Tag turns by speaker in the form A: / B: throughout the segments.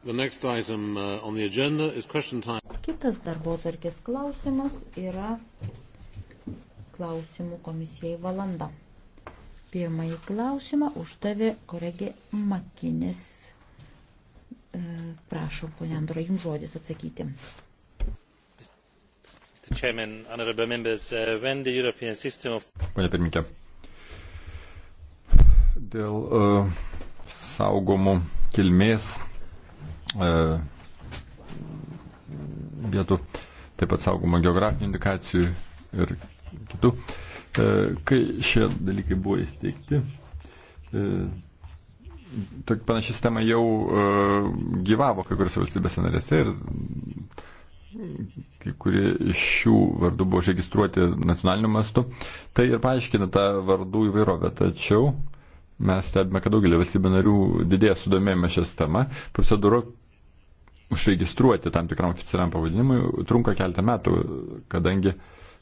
A: Uh,
B: Kitas darbo tarkės klausimas yra klausimų komisijai valanda. Pirmąjį klausimą uždavė kolegė Makinis. E, prašom, ponia Andra, jums žodis atsakyti.
A: Uh, Pane pirmininkė, dėl uh, saugomų kilmės E, vietų, taip pat saugoma geografinių indikacijų ir kitų. E, kai šie dalykai buvo įsteigti, e, Tokia panaši sistema jau uh, gyvavo kai kuriuose valstybėse narėse ir kai kurie iš šių vardų buvo užregistruoti nacionaliniu mastu. Tai ir paaiškina tą vardų įvairovę. Tačiau mes stebime, kad daugelį valstybių narių didėja sudomėjimas šią sistemą. Procedūra, užregistruoti tam tikram oficialiam pavadinimui trunka keletą metų, kadangi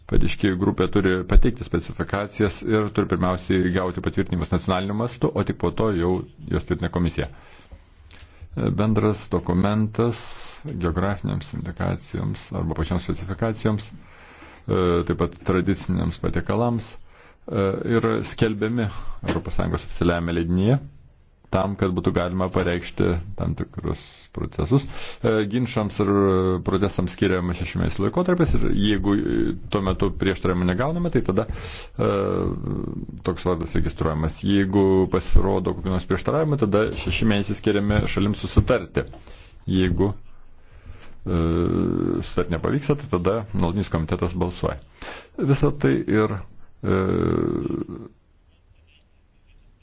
A: pareiškėjų grupė turi pateikti specifikacijas ir turi pirmiausiai gauti patvirtinimus nacionaliniu mastu, o tik po to jau jos tvirtina komisija. Bendras dokumentas geografinėms indikacijoms arba pačioms specifikacijoms, e, taip pat tradiciniams patiekalams yra e, skelbiami ES oficialiame leidinyje tam, kad būtų galima pareikšti tam tikrus procesus. E, Ginčiams ir e, protestams skiriamas šešimės laikotarpis ir jeigu e, tuo metu prieštaravimą negauname, tai tada toks vardas registruojamas. Jeigu pasirodo kokių nors prieštaravimų, tada šeši mėnesiai skiriami šalims susitarti. Jeigu susitart nepavyksta, tai tada nuolatinis komitetas balsuoja. Visą tai ir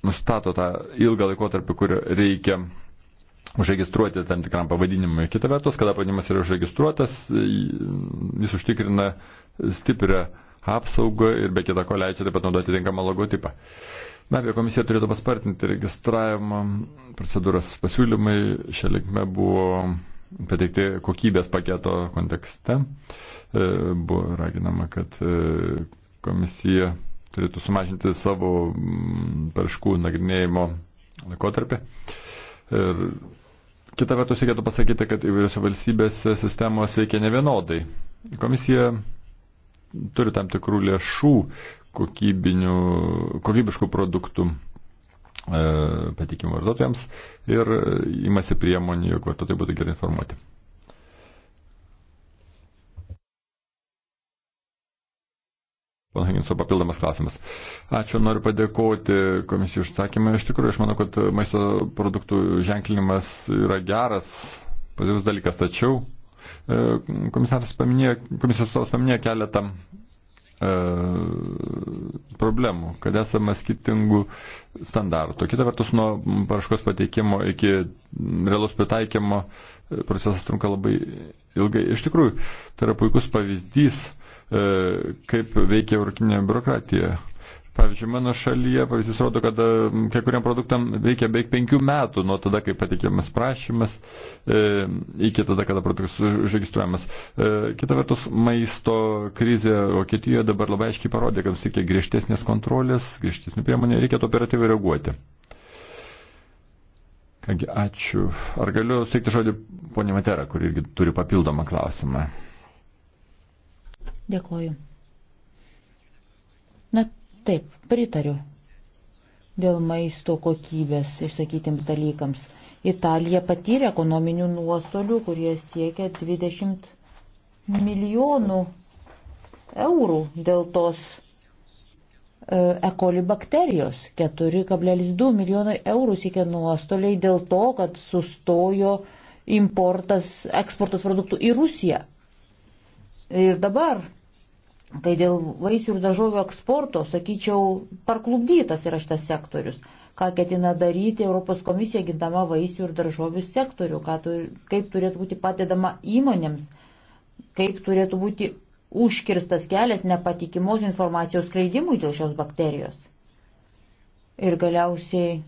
A: nustato tą ilgą laikotarpį, kur reikia užregistruoti tam tikram pavadinimui. Kita vertus, kada pavadinimas yra užregistruotas, jis užtikrina stiprią apsaugą ir be kita ko leidžia taip pat naudoti tinkamą logotipą. Na, apie komisiją turėtų paspartinti registravimo procedūras pasiūlymai. Šią linkmę buvo pateikti kokybės paketo kontekste. E, buvo raginama, kad e, komisija turėtų sumažinti savo paraškų mm, nagrinėjimo laikotarpį. Ir kita vertus reikėtų pasakyti, kad įvairiose valstybėse sistemos veikia nevienodai. Komisija turi tam tikrų lėšų kokybiškų produktų e, patikimų vartotojams ir e, imasi priemonių, jog vartotojai būtų gerai informuoti. Pana Hinso papildomas klausimas. Ačiū, noriu padėkoti komisijų užsakymą. Iš tikrųjų, aš manau, kad maisto produktų ženklinimas yra geras, pozityvus dalykas, tačiau e, komisaras paminėjo, komisijos atstovas paminėjo keletą e, problemų, kad esame skirtingų standartų. Kita vertus, nuo paraškos pateikimo iki realaus pritaikymo e, procesas trunka labai ilgai. Iš tikrųjų, tai yra puikus pavyzdys, uh, E, kaip veikia europinė biurokratija. Pavyzdžiui, mano šalyje pavyzdys rodo, kad e, kai kuriam produktam reikia beveik penkių metų nuo tada, kai pateikiamas prašymas, e, iki tada, kada produktas užregistruojamas. E, kita vertus, maisto krizė Vokietijoje dabar labai aiškiai parodė, kad reikia griežtesnės kontrolės, griežtesnių priemonių, reikėtų operatyviai reaguoti. Kągi, ačiū. Ar galiu suteikti žodį ponė Matera, kuri irgi turi papildomą klausimą?
B: Dėkoju. Na taip, pritariu dėl maisto kokybės išsakytiems dalykams. Italija patyrė ekonominių nuostolių, kurie siekia 20 milijonų eurų dėl tos E. e. coli bakterijos. 4,2 milijonai eurų siekia nuostoliai dėl to, kad sustojo importas, eksportas produktų į Rusiją. Ir dabar Kai dėl vaisių ir dažovių eksporto, sakyčiau, parklubdytas yra šitas sektorius. Ką ketina daryti Europos komisija gindama vaisių ir daržovių sektorių, tu, kaip turėtų būti padedama įmonėms, kaip turėtų būti užkirstas kelias nepatikimos informacijos skleidimui dėl šios bakterijos. Ir galiausiai e,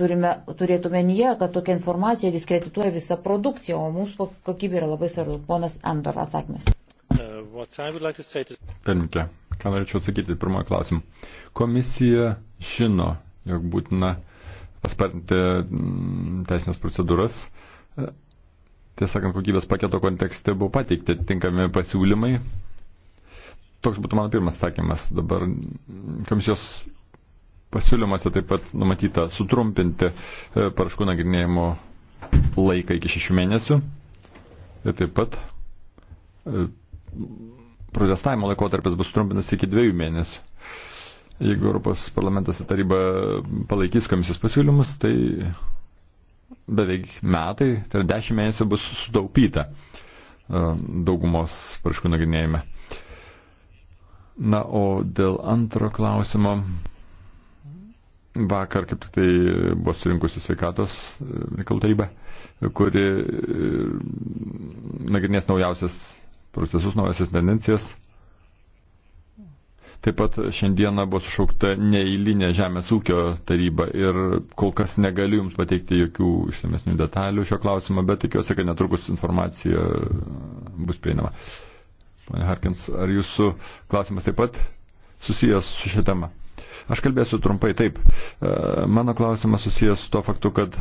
B: turime, turėtume nie, kad tokia informacija diskredituoja visą produkciją, o mūsų kokybė yra labai svarbu. Ponas Andor atsakymas
A: like to... Pirmininkė, ką norėčiau atsakyti pirmojo klausimu. Komisija žino, jog būtina paspartinti mm, teisinės procedūras. E, Tiesąkant, kokybės paketo kontekste buvo pateikti atitinkami pasiūlymai. Toks būtų mano pirmas sakymas. Dabar mm, komisijos pasiūlymuose taip pat numatyta sutrumpinti e, paraškų nagrinėjimo laiką iki šešių mėnesių. Ir taip pat e, protestavimo laikotarpis bus trumpinas iki dviejų mėnesių. Jeigu Europos parlamentas ir taryba palaikys komisijos pasiūlymus, tai beveik metai, tai yra dešimt mėnesių bus sutaupyta e, daugumos praškų nagrinėjime. Na, o dėl antro klausimo. Vakar kaip tik tai buvo surinkusi sveikatos e, reikalų taryba, kuri e, nagrinės naujausias procesus, naujasias tendencijas. Taip pat šiandieną buvo sušaukta neįlinė Žemės ūkio taryba ir kol kas negaliu Jums pateikti jokių išsamesnių detalių šio klausimo, bet tikiuosi, kad netrukus informacija bus prieinama. Pane Harkins, ar Jūsų klausimas taip pat susijęs su šia tema? Aš kalbėsiu trumpai taip. E, mano klausimas susijęs su to faktu, kad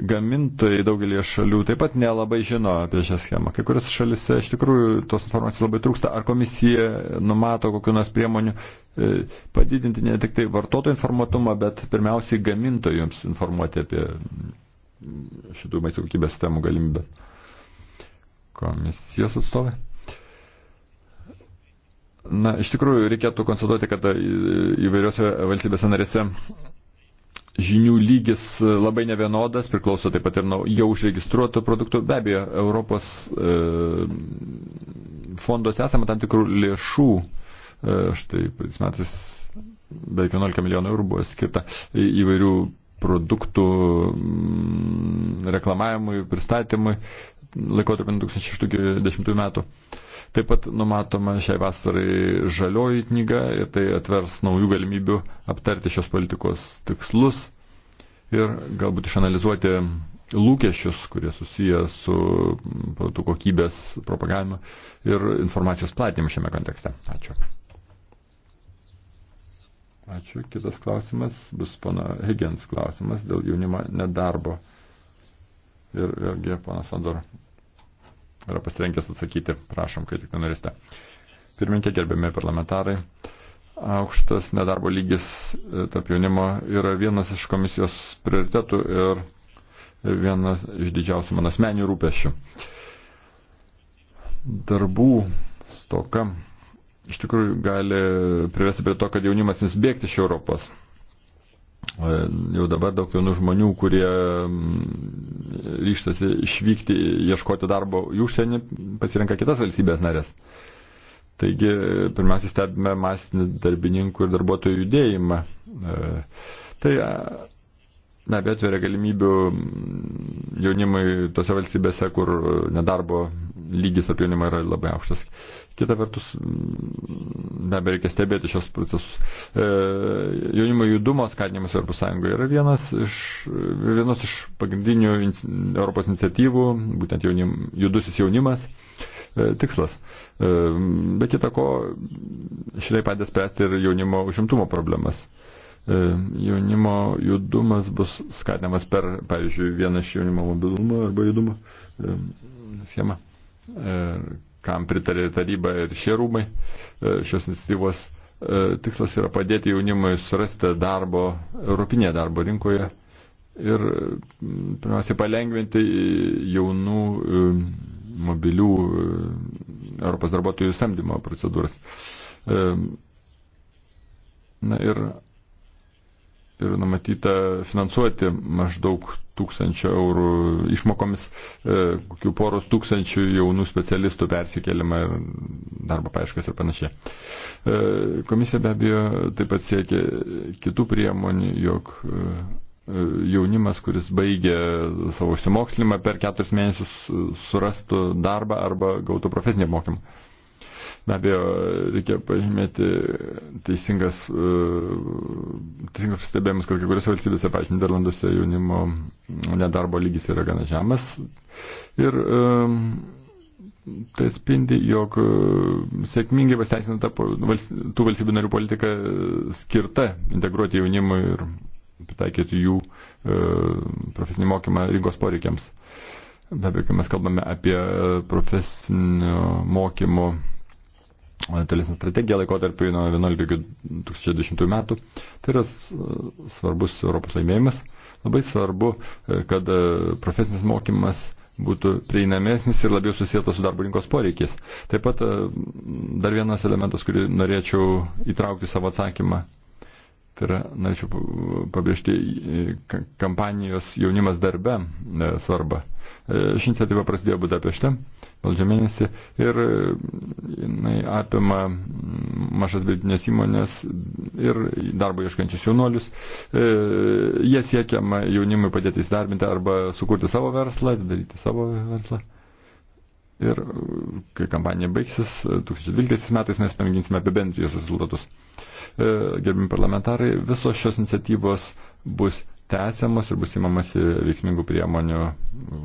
A: gamintojai daugelį šalių taip pat nelabai žino apie šią schemą. Kai kurias šalise iš tikrųjų tos informacijos labai trūksta. Ar komisija numato kokiu nors priemonių e, padidinti ne tik tai vartotojų informatumą, bet pirmiausiai gamintojams informuoti apie šitų maisto kokybės sistemų galimybę. Komisijos atstovai. Na, iš tikrųjų, reikėtų konstatuoti, kad e, įvairiose valstybėse narėse žinių lygis e, labai nevienodas, priklauso taip pat ir nuo jau užregistruotų produktų. Be abejo, Europos e, fonduose esame tam tikrų lėšų, e, štai praeitais metais beveik 11 milijonų eurų buvo skirta įvairių produktų reklamavimui, pristatymui laikotarpį 2006-2010 metų. Taip pat numatoma šiai vasarai žalioji knyga ir tai atvers naujų galimybių aptarti šios politikos tikslus ir galbūt išanalizuoti lūkesčius, kurie susiję su produktų kokybės propagavimu ir informacijos platinimu šiame kontekste. Ačiū. Ačiū. Kitas klausimas bus pana Higgins klausimas dėl jaunimo nedarbo ir vėlgi ponas Andor yra pasirengęs atsakyti, prašom, kai tik norėsite. Pirminkė, gerbėmi parlamentarai, aukštas nedarbo lygis e, tarp jaunimo yra vienas iš komisijos prioritetų ir vienas iš didžiausių mano asmenių rūpešių. Darbų stoka iš tikrųjų gali privesti prie to, kad jaunimas nesbėgti iš Europos jau dabar daug jaunų žmonių, kurie mm, ryštasi išvykti, ieškoti darbo į užsienį, pasirenka kitas valstybės narės. Taigi, pirmiausia, stebime masinį darbininkų ir darbuotojų judėjimą. E, tai na, bet atveria galimybių jaunimui tose valstybėse, kur e, nedarbo lygis apie jaunimą yra labai aukštas. Kita vertus, be abejo, reikia stebėti šios procesus. E, jaunimo judumo skatinimas Europos Sąjungoje yra vienas iš, vienas iš pagrindinių in, Europos iniciatyvų, būtent jaunim, judusis jaunimas e, tikslas. E, be kita ko, šitai padės spręsti ir jaunimo užimtumo problemas. E, E, jaunimo judumas bus skatinamas per, pavyzdžiui, vieną iš jaunimo mobilumo arba judumo e, schemą, e, kam pritarė taryba ir šie rūmai šios iniciatyvos tikslas yra padėti jaunimui surasti darbo, europinėje darbo rinkoje ir, pirmiausia, palengventi jaunų mobilių Europos darbuotojų samdymo procedūras. Na ir ir numatyta finansuoti maždaug tūkstančio eurų išmokomis, e, kokių poros tūkstančių jaunų specialistų persikėlimą ir darbo paaiškas ir panašiai. E, komisija be abejo taip pat siekia kitų priemonių, jog e, jaunimas, kuris baigė savo užsimokslimą per keturis mėnesius surastų darbą arba gautų profesinį mokymą. Be abejo, reikia pažymėti teisingas, e, teisingas pastebėjimus, kad kai kuriuose valstybėse, pavyzdžiui, Niderlanduose jaunimo nedarbo lygis yra gana žemas. Ir um, tai atspindi, jog e, sėkmingai pasiteisina ta tų valstybių narių politika skirta integruoti jaunimui ir pritaikyti jų profesinį mokymą rinkos poreikiams. Be abejo, kai mes kalbame apie profesinio mokymo tolesnė strategija laikotarpiu nuo 11 iki 2010 metų. Tai yra svarbus Europos laimėjimas. Labai svarbu, e, kad e, profesinis mokymas būtų prieinamesnis ir labiau susijęta su darbo rinkos poreikiais. Taip pat e, dar vienas elementas, kurį norėčiau įtraukti savo atsakymą, Tai yra, norėčiau pabrėžti e, kampanijos jaunimas darbe e, svarbą. E, ši iniciatyva prasidėjo Budapešte valdžio mėnesį ir jinai apima mažas vidinės įmonės ir darbo ieškančius jaunuolius. Jie siekiama jaunimui padėti įsidarbinti arba sukurti savo verslą, daryti savo verslą. Ir kai kampanija baigsis, 2012 e, metais mes pamėginsime apibendrinti jos rezultatus. E, Gerbimi parlamentarai, visos šios iniciatyvos bus tęsiamos ir bus įmamasi veiksmingų priemonių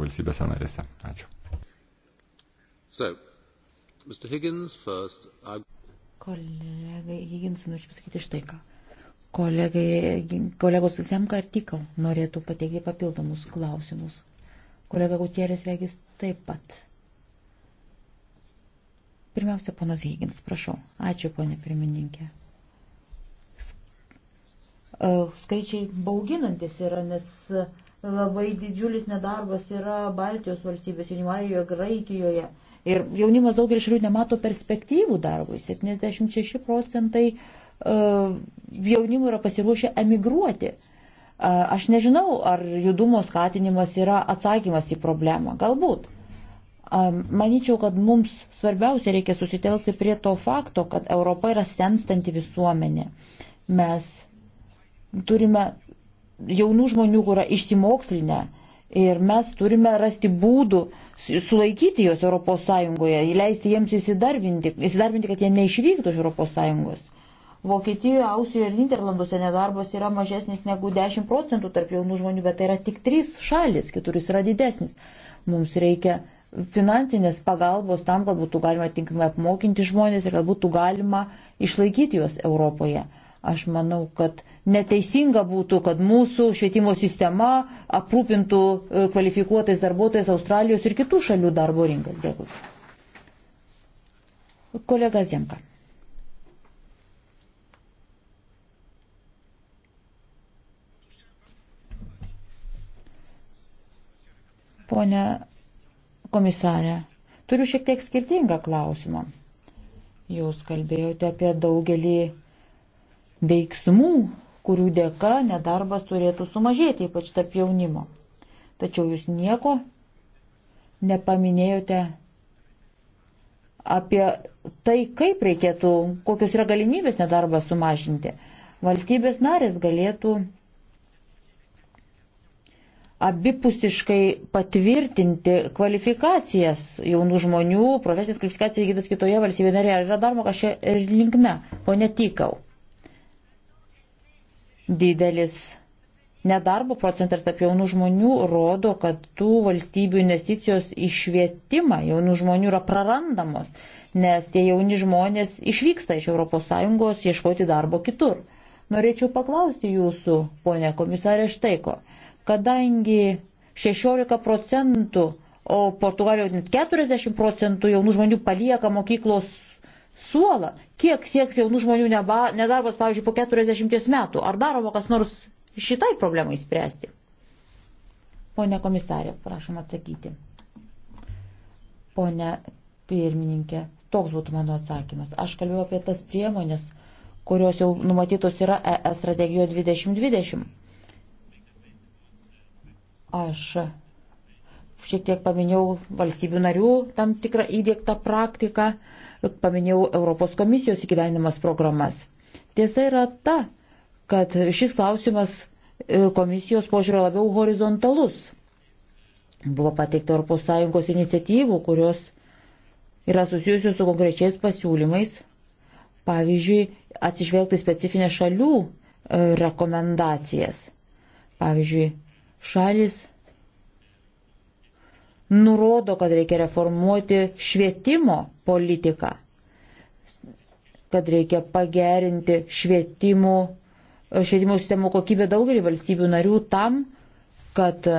A: valstybėse narėse. Ačiū. So, Mr. Higgins, first, I... Kolegai
B: Higginsui noriu pasakyti štai ką. Kolegai, kolegos Semka ir Tikau norėtų pateikti papildomus klausimus. Kolega Gutierės regis taip pat Pirmiausia, ponas Higgins, prašau. Ačiū, ponė pirmininkė. E, skaičiai bauginantis yra, nes labai didžiulis nedarbas yra Baltijos valstybės, Junimarijoje, Graikijoje. Ir jaunimas daugelį šalių nemato perspektyvų darbui. 76 procentai e, jaunimų yra pasiruošę emigruoti. E, aš nežinau, ar judumo skatinimas yra atsakymas į problemą. Galbūt. Maničiau, kad mums svarbiausia reikia susitelkti prie to fakto, kad Europa yra senstanti visuomenė. Mes turime jaunų žmonių, kurie yra išsimokslinę ir mes turime rasti būdų sulaikyti juos ES, leisti jiems įsidarbinti, įsidarbinti, kad jie neišvyktų iš ES. Vokietijoje, Austrijoje ir Niderlanduose nedarbas yra mažesnis negu 10 procentų tarp jaunų žmonių, bet tai yra tik 3 šalis, kitur jis yra didesnis. Mums reikia finansinės pagalbos tam, kad būtų galima tinkamai apmokinti žmonės ir kad būtų galima išlaikyti juos Europoje. Aš manau, kad neteisinga būtų, kad mūsų švietimo sistema aprūpintų e, kvalifikuotais darbuotojais Australijos ir kitų šalių darbo rinkas. Dėkui. Kolega Zemka. Pone komisarė, turiu šiek tiek skirtingą klausimą. Jūs kalbėjote apie daugelį veiksmų, kurių dėka nedarbas turėtų sumažėti, ypač tarp jaunimo. Tačiau jūs nieko nepaminėjote apie tai, kaip reikėtų, kokios yra galimybės nedarbą sumažinti. Valstybės narės galėtų abipusiškai patvirtinti kvalifikacijas jaunų žmonių, profesinės kvalifikacijas įgytas kitoje valstybėje narėje. Ar yra daroma kažkokia linkme, o netikau. Didelis nedarbo procentas tarp jaunų žmonių rodo, kad tų valstybių investicijos į švietimą jaunų žmonių yra prarandamos, nes tie jauni žmonės išvyksta iš ES ieškoti darbo kitur. Norėčiau paklausti jūsų, ponė komisarė Štaiko kadangi 16 procentų, o Portugalijoje net 40 procentų jaunų žmonių palieka mokyklos suolą, kiek sieks jaunų žmonių neba, nedarbas, pavyzdžiui, po 40 metų, ar daroma kas nors šitai problemai spręsti? Pone komisarė, prašom atsakyti. Pone pirmininkė, toks būtų mano atsakymas. Aš kalbėjau apie tas priemonės, kurios jau numatytos yra ES strategijoje 2020 Aš šiek tiek paminėjau valstybių narių tam tikrą įdėktą praktiką, paminėjau Europos komisijos įgyvenimas programas. Tiesa yra ta, kad šis klausimas e, komisijos požiūrio labiau horizontalus. Buvo pateikta ES iniciatyvų, kurios yra susijusios su konkrečiais pasiūlymais, pavyzdžiui, atsižvelgti specifinės šalių e, rekomendacijas. Pavyzdžiui, šalis nurodo, kad reikia reformuoti švietimo politiką, kad reikia pagerinti švietimo, švietimo sistemų kokybę daugelį valstybių narių tam, kad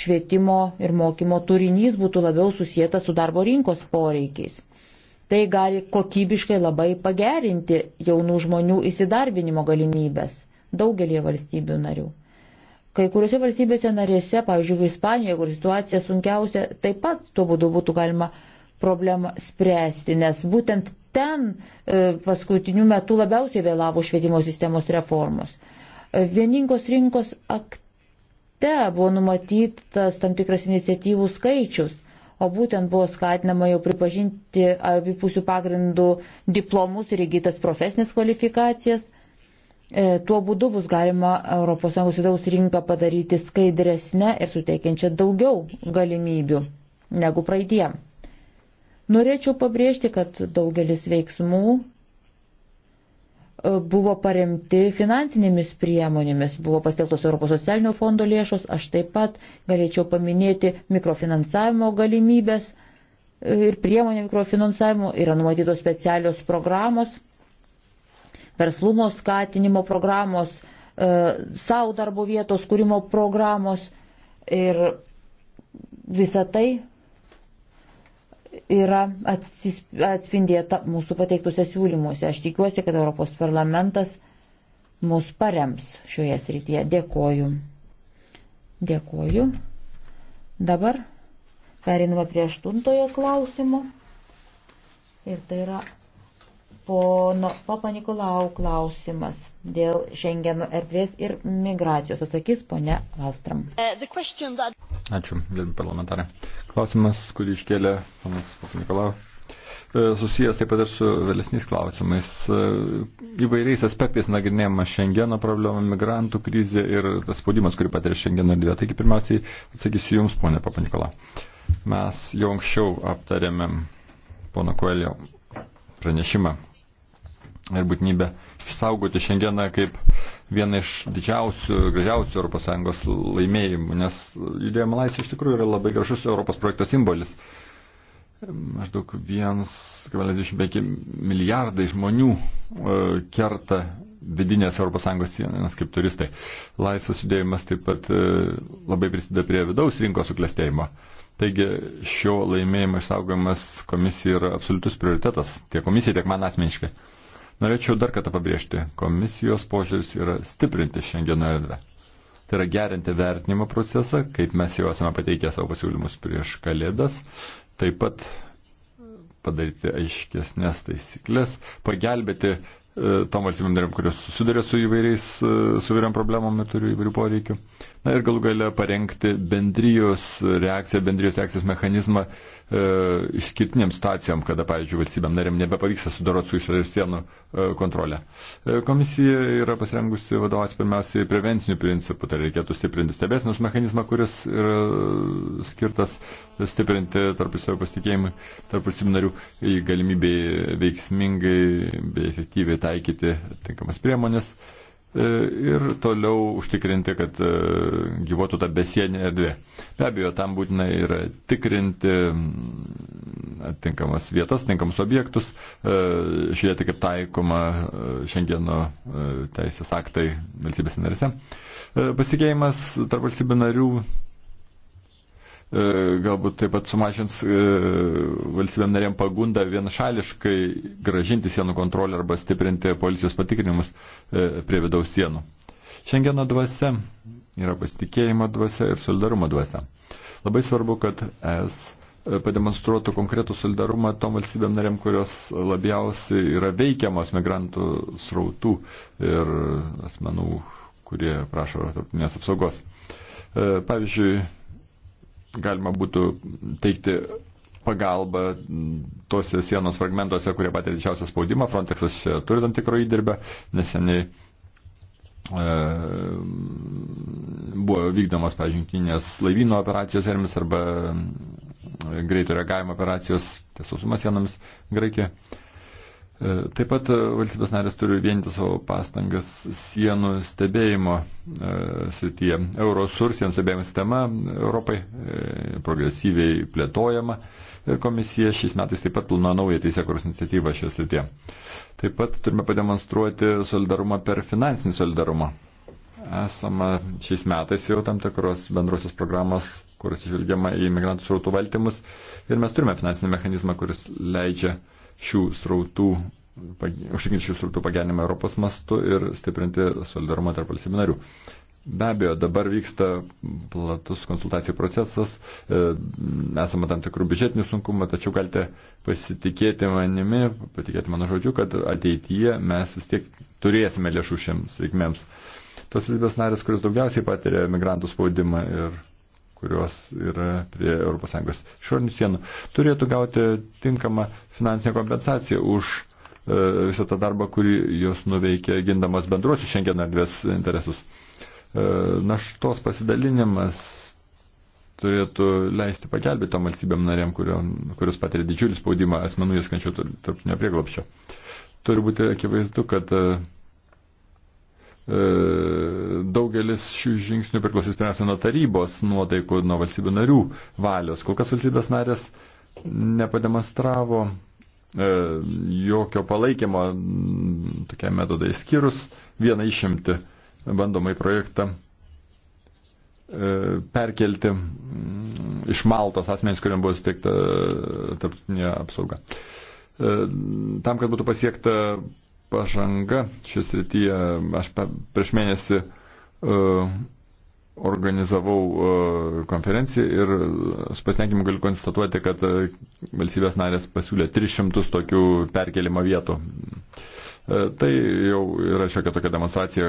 B: švietimo ir mokymo turinys būtų labiau susijęta su darbo rinkos poreikiais. Tai gali kokybiškai labai pagerinti jaunų žmonių įsidarbinimo galimybės daugelie valstybių narių. Kai kuriuose valstybėse narėse, pavyzdžiui, Ispanijoje, kur situacija sunkiausia, taip pat tuo būdu būtų galima problemą spręsti, nes būtent ten e, paskutiniu metu labiausiai vėlavo švietimo sistemos reformos. E, vieningos rinkos akte buvo numatytas tam tikras iniciatyvų skaičius, o būtent buvo skatinama jau pripažinti abipusių pagrindų diplomus ir įgytas profesinės kvalifikacijas – E, tuo būdu bus galima ES vidaus rinką padaryti skaidresnę ir suteikiančią daugiau galimybių negu praeitie. Norėčiau pabrėžti, kad daugelis veiksmų e, buvo paremti finansinėmis priemonėmis, buvo pasteltos Europos socialinio fondo lėšos, aš taip pat galėčiau paminėti mikrofinansavimo galimybės e, ir priemonė mikrofinansavimo yra numatytos specialios programos verslumo skatinimo programos, e, savo darbo vietos kūrimo programos ir visa tai yra atspindėta mūsų pateiktuose siūlymuose. Aš tikiuosi, kad Europos parlamentas mus parems šioje srityje. Dėkoju. Dėkoju. Dabar periname prie aštuntojo klausimo. Ir tai yra Pono Papa Nikolau klausimas dėl Šengeno erdvės ir migracijos atsakys ponia
A: Valstram. Uh, Ačiū, gerbiam parlamentarė. Klausimas, kurį iškėlė panas Papa Nikolau, e, susijęs taip pat ir su vėlesniais klausimais. E, įvairiais aspektais nagrinėjama Šengeno problema, migrantų krizė ir tas spaudimas, kurį patiria Šengeno erdvė. Taigi pirmiausiai atsakysiu Jums, ponia Papa Nikolau. Mes jau anksčiau aptarėme pono Koelio pranešimą ir būtinybę išsaugoti šiandieną kaip vieną iš didžiausių, gražiausių ES laimėjimų, nes judėjimo laisvė iš tikrųjų yra labai gražus Europos projekto simbolis. Maždaug 1,25 milijardai žmonių e, kerta vidinės ES sienas kaip turistai. Laisvas judėjimas taip pat e, labai prisideda prie vidaus rinkos suklestėjimo. Taigi šio laimėjimo išsaugojimas komisija yra absoliutus prioritetas tiek komisija, tiek man asmeniškai. Norėčiau dar kartą pabrėžti, komisijos požiūris yra stiprinti šiandieną erdvę. Tai yra gerinti vertinimo procesą, kaip mes jau esame pateikę savo pasiūlymus prieš kalėdas, taip pat padaryti aiškesnės taisyklės, pagelbėti e, tom valstybėm darim, kurios susiduria su įvairiais, e, su įvairiam problemom ir turi įvairių poreikių. E, Na ir galų gale parengti bendrijos reakciją, bendrijos reakcijos mechanizmą e, išskirtiniam situacijom, kada, pavyzdžiui, valstybėm narėm nebepavyksta sudaroti su išorės sienų e, kontrolę. E, komisija yra pasirengusi vadovas pirmiausiai prevencinių principų, tai reikėtų stiprinti stebėsinos mechanizmą, kuris yra skirtas stiprinti tarp savo pasitikėjimų, tarp valstybių narių į galimybę veiksmingai bei efektyviai taikyti tinkamas priemonės. E, E, ir toliau užtikrinti, kad e, gyvotų ta besienė erdvė. Be abejo, tam būtina ir tikrinti atinkamas vietas, atinkamus objektus, e, žiūrėti, kaip taikoma šiandieno teisės aktai valstybės narėse. Pasikeimas tarp valstybių narių E, galbūt taip pat sumažins e, valstybėm narėm pagundą vienašališkai gražinti sienų kontrolę arba stiprinti policijos patikrinimus e, prie vidaus sienų. Šengeno dvasia yra pasitikėjimo dvasia ir solidarumo dvasia. Labai svarbu, kad es pademonstruotų konkretų solidarumą tom valstybėm narėm, kurios labiausiai yra veikiamos migrantų srautų ir asmenų, kurie prašo tarptautinės apsaugos. Pavyzdžiui, galima būtų teikti pagalbą tose sienos fragmentuose, kurie patiria didžiausią spaudimą. Frontexas turi tam tikro įdirbę, neseniai e, buvo vykdomas, pavyzdžiui, jungtinės laivyno operacijos Hermis arba e, greito reagavimo operacijos tiesusumas sienomis Graikijoje. E, taip pat e, valstybės narės turi vienyti savo pastangas sienų stebėjimo e, srityje. Eurosur sienų stebėjimo sistema Europai e, progresyviai plėtojama ir komisija šiais metais taip pat planuoja naują teisėkuros iniciatyvą šioje srityje. Taip pat turime pademonstruoti solidarumą per finansinį solidarumą. Esama šiais metais jau tam tikros bendrosios programos kur atsižvelgiama į migrantų srautų valdymus ir mes turime finansinį mechanizmą, kuris leidžia uh, šių srautų, užtikrinti šių srautų pagenimą Europos mastu ir stiprinti solidarumą tarp valstybių narių. Be abejo, dabar vyksta platus konsultacijų procesas, e, esame tam tikrų biudžetinių sunkumų, tačiau galite pasitikėti manimi, patikėti mano žodžiu, kad ateityje mes vis tiek turėsime lėšų šiems reikmėms. Tos valstybės narės, kuris daugiausiai patiria migrantų spaudimą ir kurios yra prie ES išorinių sienų, turėtų gauti tinkamą finansinę kompensaciją už e, visą tą darbą, kurį jos nuveikė gindamas bendruosius šiandien erdvės interesus. E, naštos pasidalinimas turėtų leisti pagelbėti tom valstybėm narėm, kurios patiria didžiulį spaudimą asmenų įskančių tarptinio prieglopščio. Turi būti akivaizdu, kad uh, E, daugelis šių žingsnių priklausys pirmiausia nuo tarybos nuotaikų, nuo valstybių narių valios. Kol kas valstybės narės nepademonstravo e, jokio palaikymo tokiai metodai, skyrus vieną išimti bandomai projektą e, perkelti mm, iš Maltos asmenys, kuriam buvo steigta tarptautinė apsauga. Tam, kad būtų pasiekta pažanga šis rytyje. Aš prieš mėnesį uh, organizavau uh, konferenciją ir su pasitenkinimu galiu konstatuoti, kad uh, valstybės narės pasiūlė 300 tokių perkelimo vietų. Tai jau yra šiokia tokia demonstracija,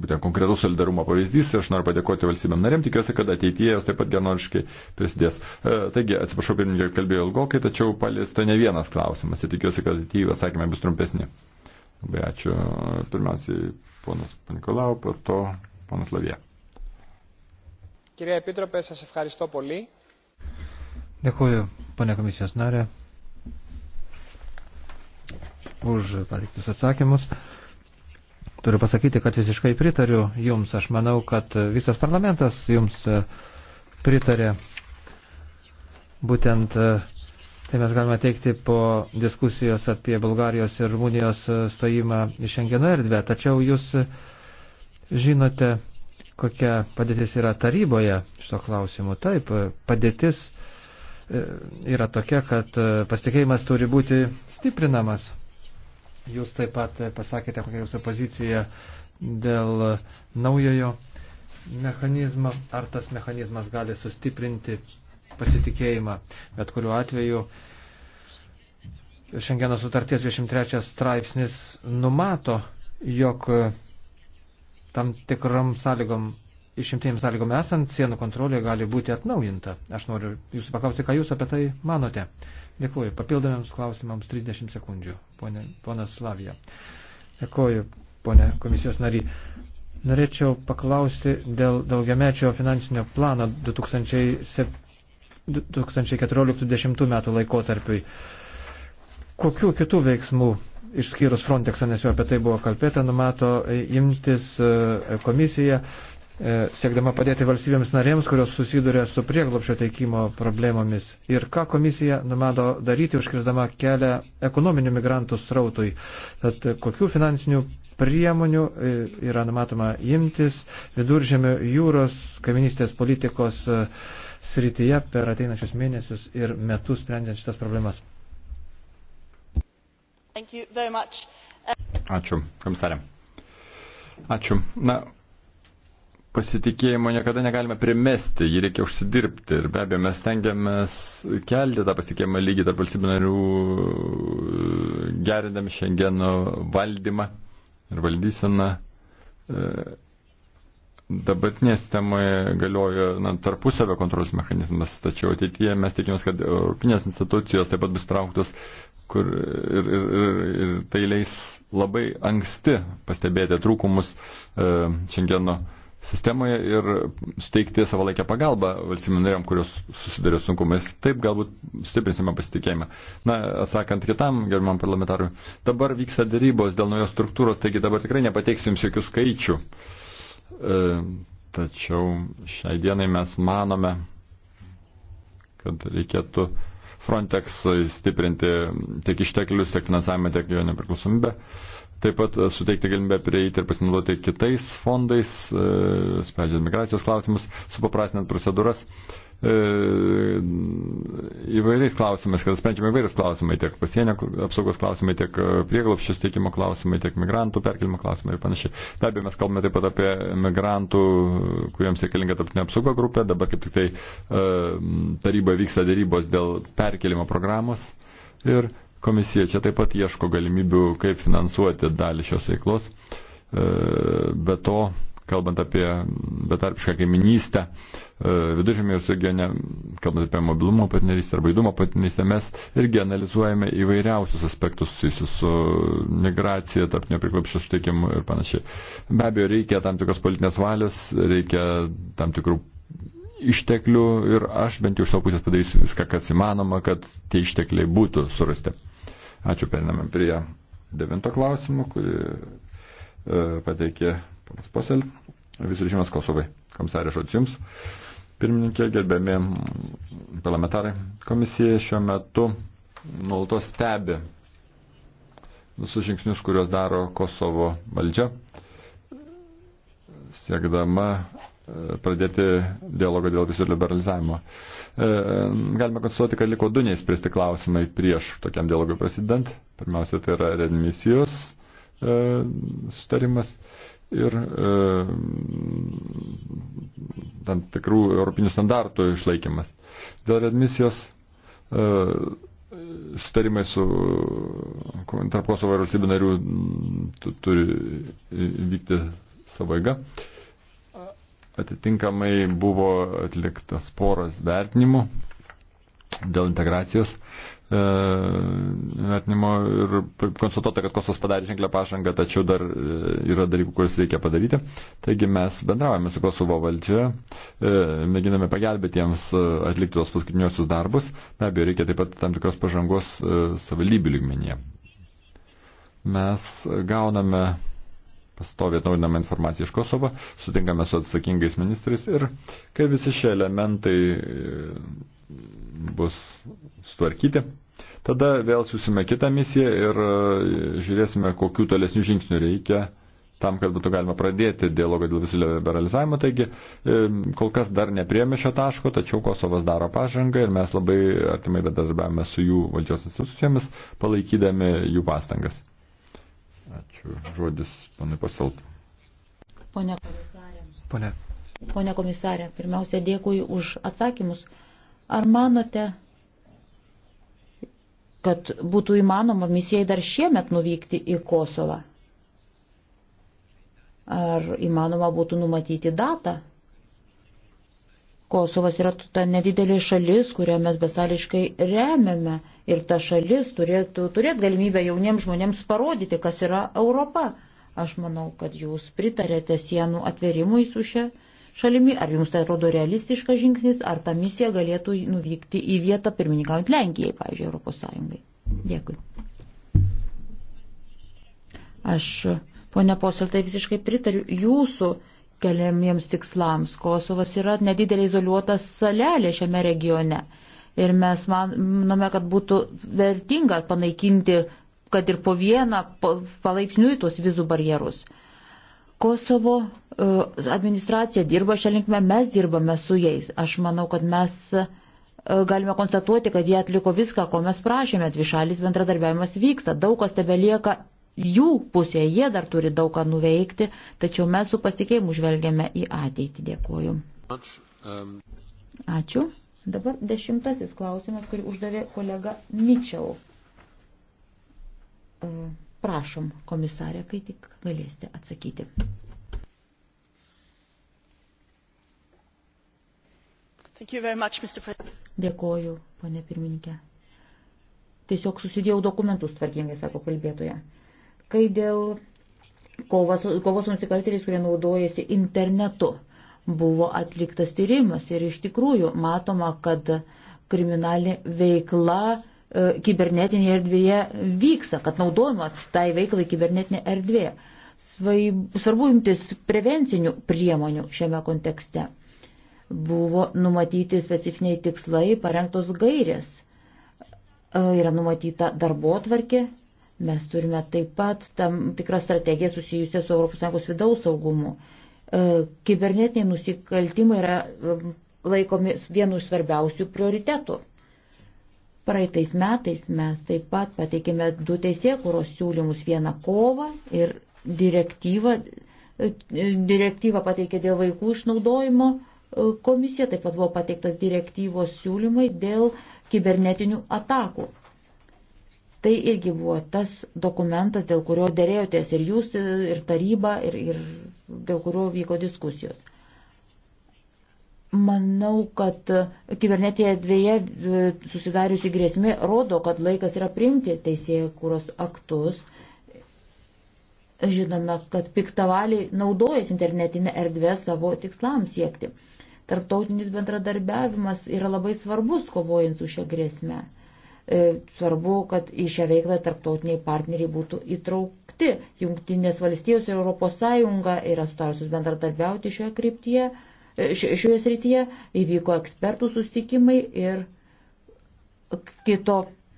A: būtent konkretus solidarumo pavyzdys ir aš noriu padėkoti valstybėm narėm, tikiuosi, kad ateityje jos taip pat geronoriškai prisidės. Taigi, atsiprašau, pirmininkai, kalbėjau ilgokai, tačiau paliesta ne vienas klausimas ir tai tikiuosi, kad ateityje atsakymai bus trumpesni. Labai ačiū. Pirmiausiai ponas Panikolau, po to ponas Lavie. Kirėja Pitropė, aš ευχαριστώ πολύ. Dėkuoju, ponė
C: komisijos narė, už patiktus atsakymus. Turiu pasakyti, kad visiškai pritariu jums. Aš manau, kad visas parlamentas jums pritarė būtent uh, Tai mes galime teikti po diskusijos apie Bulgarijos ir Rumunijos stojimą į Šengeno erdvę. Tačiau jūs žinote, kokia padėtis yra taryboje šito klausimu. Taip, padėtis e, yra tokia, kad e, pasitikėjimas turi būti stiprinamas. Jūs taip pat e, pasakėte, kokia jūsų pozicija dėl naujojo mechanizmo. Ar tas mechanizmas gali sustiprinti pasitikėjimą. Bet kuriuo atveju Šengeno sutarties 23 straipsnis numato, jog e, tam tikram sąlygom, išimtėjim sąlygom esant, sienų kontrolė gali būti atnaujinta. Aš noriu jūsų paklausti, ką jūs apie tai manote. Dėkuoju. Papildomiams klausimams 30 sekundžių, ponė, ponas Slavija. Dėkuoju, ponė komisijos nary. Norėčiau paklausti dėl daugiamečio finansinio plano 2007 2014-2010 metų laikotarpiui. Kokių kitų veiksmų, išskyrus Frontexą, nes jau apie tai buvo kalbėta, numato imtis e, komisija, e, siekdama padėti valstybėms narėms, kurios susiduria su prieglopšio teikimo problemomis. Ir ką komisija numato daryti, užkirzdama kelią ekonominių migrantų srautui. Tad kokių finansinių priemonių e, yra numatoma imtis viduržėmio jūros kaiminystės politikos uh, srityje per ateinačius mėnesius ir metus sprendžiant šitas problemas.
A: Ačiū, komisarė. Ačiū. Na, pasitikėjimo niekada negalime primesti, jį reikia užsidirbti. Ir be abejo, mes tengiamės kelti tą pasitikėjimą lygį tarp valstybių narių, gerindami šiandieno valdymą ir valdyseną. E, dabartinėje sistemoje galioja na, tarpusavio kontrolės mechanizmas, tačiau ateityje mes tikimės, kad europinės institucijos taip pat bus trauktos kur, ir, ir, ir, ir tai leis labai anksti pastebėti trūkumus e, šiandieno sistemoje ir suteikti savalaikę pagalbą valstybėm narėm, kurios susidarė sunkumais. Taip galbūt stiprinsime pasitikėjimą. Na, atsakant kitam gerbiamam parlamentarui, dabar vyksta dėrybos dėl naujos struktūros, taigi dabar tikrai nepateiksiu jums jokių skaičių. Uh, E, tačiau šiai dienai mes manome, kad reikėtų Frontex stiprinti tiek išteklius, tiek finansavimą, tiek jo nepriklausomybę. Taip pat e, suteikti galimybę prieiti ir pasinaudoti kitais fondais, e, sprendžiant migracijos klausimus, supaprasinant procedūras. E, E, įvairiais klausimais, kad sprendžiame įvairius klausimai, tiek pasienio apsaugos klausimai, tiek e, prieglopščios teikimo klausimai, tiek migrantų perkelimo klausimai ir panašiai. Be abejo, mes kalbame taip pat apie migrantų, kuriems reikalinga tarptinė apsauga grupė, dabar kaip tik tai e, taryba vyksta dėrybos dėl perkelimo programos ir komisija čia taip pat ieško galimybių, kaip finansuoti dalį šios veiklos. Be to, kalbant apie betarpišką kaiminystę e, viduržėmės regione, kalbant apie mobilumo partnerystę arba įdumo partnerystę, mes irgi analizuojame įvairiausius aspektus susijusius su migracija, tarpinio priklopščio suteikimu ir panašiai. Be abejo, reikia tam tikros politinės valios, reikia tam tikrų išteklių ir aš bent jau iš savo pusės padarysiu viską, kas įmanoma, kad tie ištekliai būtų surasti. Ačiū, periname prie devinto klausimo, kurį e, pateikė Tomas Posel, visų žymas Kosovai. Komisarė žodis Jums. Pirmininkė, gerbėmi parlamentarai, komisija šiuo metu nuolatos stebi visus žingsnius, kuriuos daro Kosovo valdžia, siekdama e, pradėti dialogą dėl visų liberalizavimo. E, e, galime konstatuoti, kad liko du neįspręsti klausimai prieš tokiam dialogui prasidant. Pirmiausia, tai yra redmisijos sustarimas ir e, tam tikrų europinių standartų išlaikymas. Dėl admisijos e, sutarimai su tarp Kosovo ir valstybių narių turi vykti savaiga. Atitinkamai buvo atliktas poras vertinimų dėl integracijos. E, vertinimo ir konstatuota, kad Kosovas padarė ženklę pažangą, tačiau dar e, yra dalykų, kuriuos reikia padaryti. Taigi mes bendravome su Kosovo valdžia, e, mėginame pagelbėti jiems atlikti tos paskutiniosius darbus. Be abejo, reikia taip pat tam tikros pažangos savilybių lygmenyje. Mes gauname pastovi atnaujinama informacija iš Kosovo, sutinkame su atsakingais ministrais ir kai visi šie elementai bus sutvarkyti, Tada vėl siūsime kitą misiją ir e, žiūrėsime, kokių tolesnių žingsnių reikia tam, kad būtų galima pradėti dialogą dėl visų liberalizavimo. Taigi, e, kol kas dar nepriemė šio taško, tačiau Kosovas daro pažangą ir mes labai artimai bedarbiavame su jų valdžios institucijomis, palaikydami jų pastangas. Ačiū. Žodis, ponai pasiltų.
B: Pone komisarė. Pone. Pone komisarė, pirmiausia, dėkui už atsakymus. Ar manote, kad būtų įmanoma misijai dar šiemet nuvykti į Kosovą? Ar įmanoma būtų numatyti datą? Kosovas yra ta nedidelė šalis, kurią mes besališkai remiame ir ta šalis turėtų turėti galimybę jauniems žmonėms parodyti, kas yra Europa. Aš manau, kad jūs pritarėte sienų atverimui su šia šalimi, ar jums tai atrodo realistiškas žingsnis, ar ta misija galėtų nuvykti į vietą pirmininkaujant Lenkijai, pavyzdžiui, Europos Sąjungai. Dėkui. Aš, ponia Poseltai, visiškai pritariu jūsų keliamiems tikslams. Kosovas yra nedidelė izoliuota salelė šiame regione. Ir mes manome, kad būtų vertinga panaikinti, kad ir po vieną palaipsniui tuos vizų barjerus. Uh, Kosovo e, administracija dirba šią linkmę, mes dirbame su jais. Aš manau, kad mes e, galime konstatuoti, kad jie atliko viską, ko mes prašėme. Dvišalis bendradarbiavimas vyksta, daug kas tebe lieka jų pusėje, jie dar turi daug ką nuveikti, tačiau mes su pasitikėjimu žvelgiame į ateitį. Dėkuoju. Ačiū. Dabar dešimtasis klausimas, kurį uždavė kolega Mitchell. Uh. Prašom, komisarė, kai tik galėsite atsakyti. Much, Dėkoju, ponė pirmininkė. Tiesiog susidėjau dokumentus tvarkingai, sako kalbėtoja. Kai dėl kovos, kovos nusikaltėliais, kurie naudojasi internetu, buvo atliktas tyrimas ir iš tikrųjų matoma, kad kriminalinė veikla E, kibernetinėje erdvėje vyksta, kad naudojama tai veiklai kibernetinė erdvė. Svarbu imtis prevencinių priemonių šiame kontekste. Buvo numatyti specifiniai tikslai, parengtos gairės, e, yra numatyta darbo tvarkė, mes turime taip pat tam tikrą strategiją susijusią su ES vidaus saugumu. E, kibernetiniai nusikaltimai yra laikomi vienu iš svarbiausių prioritetų Praeitais metais mes taip pat pateikėme du teisėkūros siūlymus, vieną kovą ir direktyvą. E, direktyvą pateikė dėl vaikų išnaudojimo e, komisija, taip pat buvo pateiktas direktyvos siūlymai dėl kibernetinių atakų. Tai irgi buvo tas dokumentas, dėl kurio dėrėjotės ir jūs, e, ir taryba, ir, ir dėl kurio vyko diskusijos. Manau, kad kibernetinėje dvieje e, susidariusi grėsmė rodo, kad laikas yra priimti teisėjų kūros aktus. Žinome, kad piktavaliai naudojasi internetinę erdvę savo tikslams siekti. Tarptautinis bendradarbiavimas yra labai svarbus kovojant su šia grėsme. E, svarbu, kad į šią veiklą tarptautiniai partneriai būtų įtraukti. Jungtinės valstijos ir ES yra sutarusios bendradarbiauti šioje kryptyje šioje srityje, įvyko ekspertų sustikimai ir kito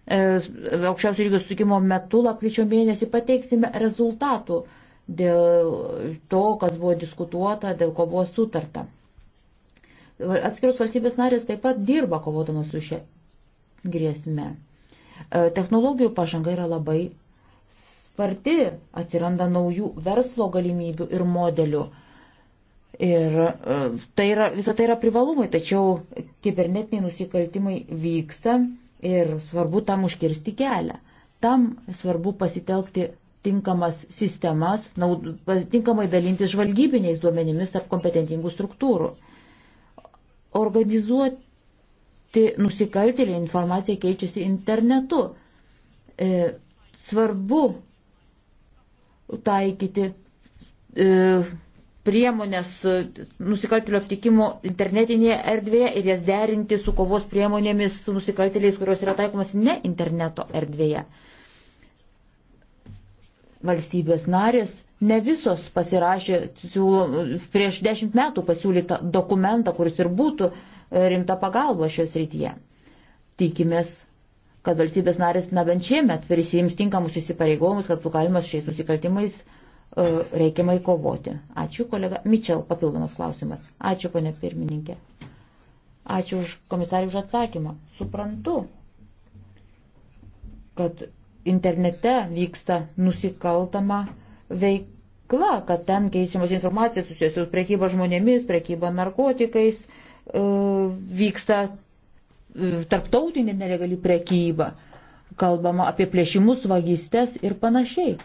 B: e, aukščiausio lygio sustikimo metu lapkričio mėnesį pateiksime rezultatų dėl to, kas buvo diskutuota, dėl ko buvo sutarta. Atskirus valstybės narės taip pat dirba kovodamas su šia grėsme. E, technologijų pažanga yra labai sparti, atsiranda naujų verslo galimybių ir modelių. Ir e, tai yra, visa tai yra privalumai, tačiau kibernetiniai nusikaltimai vyksta ir svarbu tam užkirsti kelią. Tam svarbu pasitelkti tinkamas sistemas, naud, tinkamai dalinti žvalgybiniais duomenimis tarp kompetentingų struktūrų. Organizuoti nusikaltėliai informaciją keičiasi internetu. E, svarbu taikyti e, priemonės e, nusikaltėlio aptikimo internetinėje erdvėje ir jas derinti su kovos priemonėmis su nusikaltėliais, kurios yra taikomas ne interneto erdvėje. Valstybės narės ne visos pasirašė prieš dešimt metų pasiūlytą dokumentą, kuris ir būtų e, rimta pagalba šios rytyje. Tikimės, kad valstybės narės na bent šiemet prisijims tinkamus įsipareigojimus, kad būtų galima šiais nusikaltimais E, reikiamai kovoti. Ačiū, kolega Mitchell, papildomas klausimas. Ačiū, ponė pirmininkė. Ačiū už komisarį už atsakymą. Suprantu, kad internete vyksta nusikaltama veikla, kad ten keičiamas informacija susijusi su prekyba žmonėmis, prekyba narkotikais, e, vyksta e, tarptautinė nelegali prekyba, kalbama apie plėšimus, vagystės ir panašiai.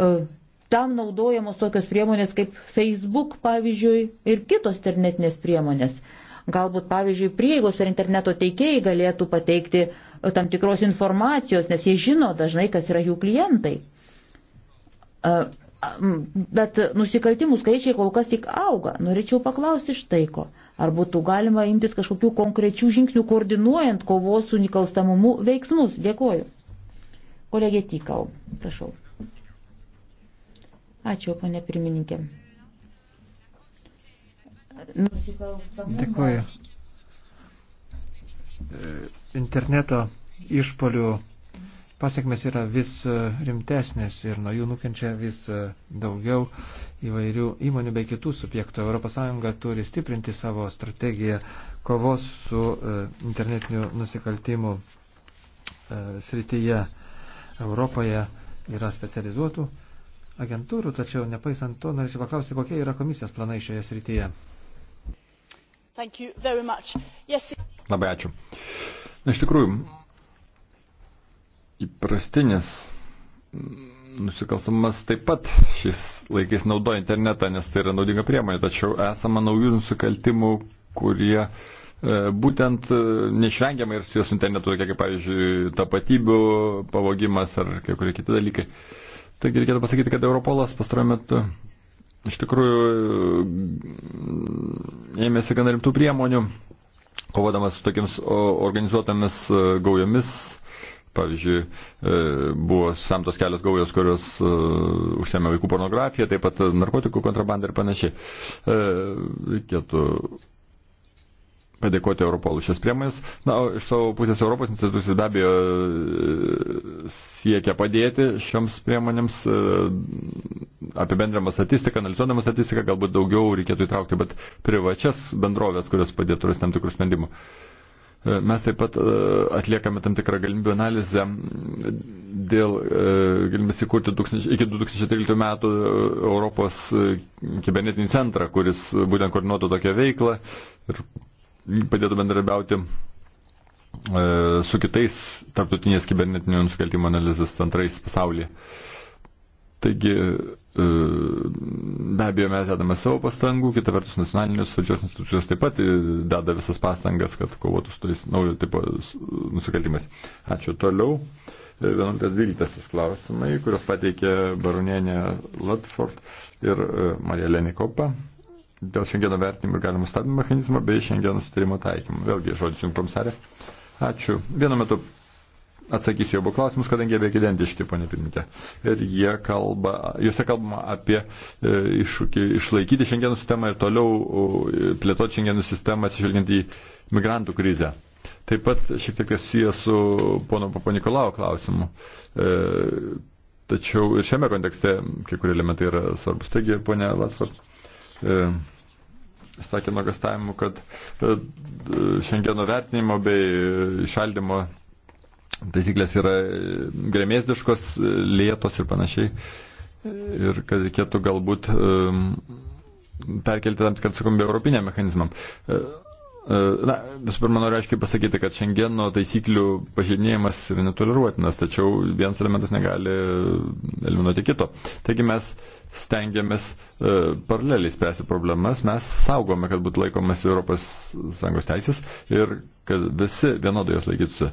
B: E, tam naudojamos tokios priemonės kaip Facebook, pavyzdžiui, ir kitos internetinės priemonės. Galbūt, pavyzdžiui, prieigos ir interneto teikėjai galėtų pateikti e, tam tikros informacijos, nes jie žino dažnai, kas yra jų klientai. E, bet nusikaltimų skaičiai kol kas tik auga. Norėčiau paklausti štai ko. Ar būtų galima imtis kažkokių konkrečių žingsnių koordinuojant kovos su nikalstamumu veiksmus? Dėkoju. Kolegė Tykau, prašau. Ačiū, ponė pirmininkė.
C: Dėkuoju. Interneto išpolių pasiekmes yra vis e, rimtesnės ir nuo jų nukenčia vis e, daugiau įvairių įmonių bei kitų subjektų. ES turi stiprinti savo strategiją kovos su e, internetiniu nusikaltimu srityje Europoje yra specializuotų agentūrų, tačiau nepaisant to norėčiau paklausti, kokie yra komisijos planai šioje srityje.
B: Yes.
A: Labai ačiū. Na, iš tikrųjų, įprastinis nusikalstamumas taip pat šiais laikais naudoja internetą, nes tai yra naudinga priemonė, tačiau esama naujų nusikaltimų, kurie e, būtent e, neišvengiamai ir su jos internetu, tokie kaip, pavyzdžiui, tapatybių pavogimas ar kai kurie kiti dalykai. Taigi reikėtų pasakyti, kad Europolas pastaruoju metu iš tikrųjų mm, ėmėsi gana rimtų priemonių, kovodamas su tokiams organizuotomis e, gaujomis. Pavyzdžiui, e, buvo samtos kelios gaujos, kurios e, užsėmė vaikų pornografiją, taip pat narkotikų kontrabandą ir panašiai. Reikėtų padėkoti Europolui šias priemonės. Na, iš savo pusės Europos institucijos be abejo e, siekia padėti šioms priemonėms, e, apibendriamą statistiką, analizuodamą statistiką, galbūt daugiau reikėtų įtraukti, bet privačias bendrovės, kurios padėtų rasti tam tikrų sprendimų. E, mes taip pat atliekame tam tikrą galimybių analizę dėl galimybės įkurti 2000, iki 2013 metų Europos kibernetinį centrą, kuris būtent koordinuotų tokią veiklą ir padėtų bendrabiauti e, su kitais tarptautinės kibernetinio nusikaltimo analizės centrais pasaulyje. Taigi, e, be abejo, mes dedame savo pastangų, kita vertus nacionalinės valdžios institucijos taip pat e, deda visas pastangas, kad kovotų su tais naujo tipo nusikaltimais. Ačiū toliau. 11.12 klausimai, kurios pateikė baronienė Latford ir Marija Lenikopa dėl šiandieno vertinimo ir galimų stabdymo mechanizmo bei šiandieno sutarimo taikymo. Vėlgi, žodis jums, komisarė. Ačiū. Vienu metu atsakysiu jau buvo klausimus, kadangi jie beveik identiški, ponė pirmininkė. Ir jie kalba, juose kalbama apie e, iššūkį išlaikyti šiandienų sistemą ir toliau e, plėtoti šiandienų sistemą atsižvelgiant į migrantų krizę. Taip pat šiek tiek susijęs su pono Papanikolau klausimu. E, tačiau ir šiame kontekste kai kurie elementai yra svarbus. Taigi, ponė Latsvart E, sakė nuogastavimu, kad e, šiandieno vertinimo bei e, šaldymo taisyklės yra grėmėsdiškos, lėtos ir panašiai. Ir kad reikėtų galbūt perkelti tam tikrą atsakomybę europinę mechanizmam. E, na, visų pirma, noriu aiškiai pasakyti, kad šiandieno taisyklių pažeidinėjimas yra netoleruotinas, tačiau vienas elementas negali eliminuoti kito. Taigi mes stengiamės e, paraleliai spręsti problemas, mes saugome, kad būtų laikomas ES teisės ir kad visi vienodai jos laikytųsi.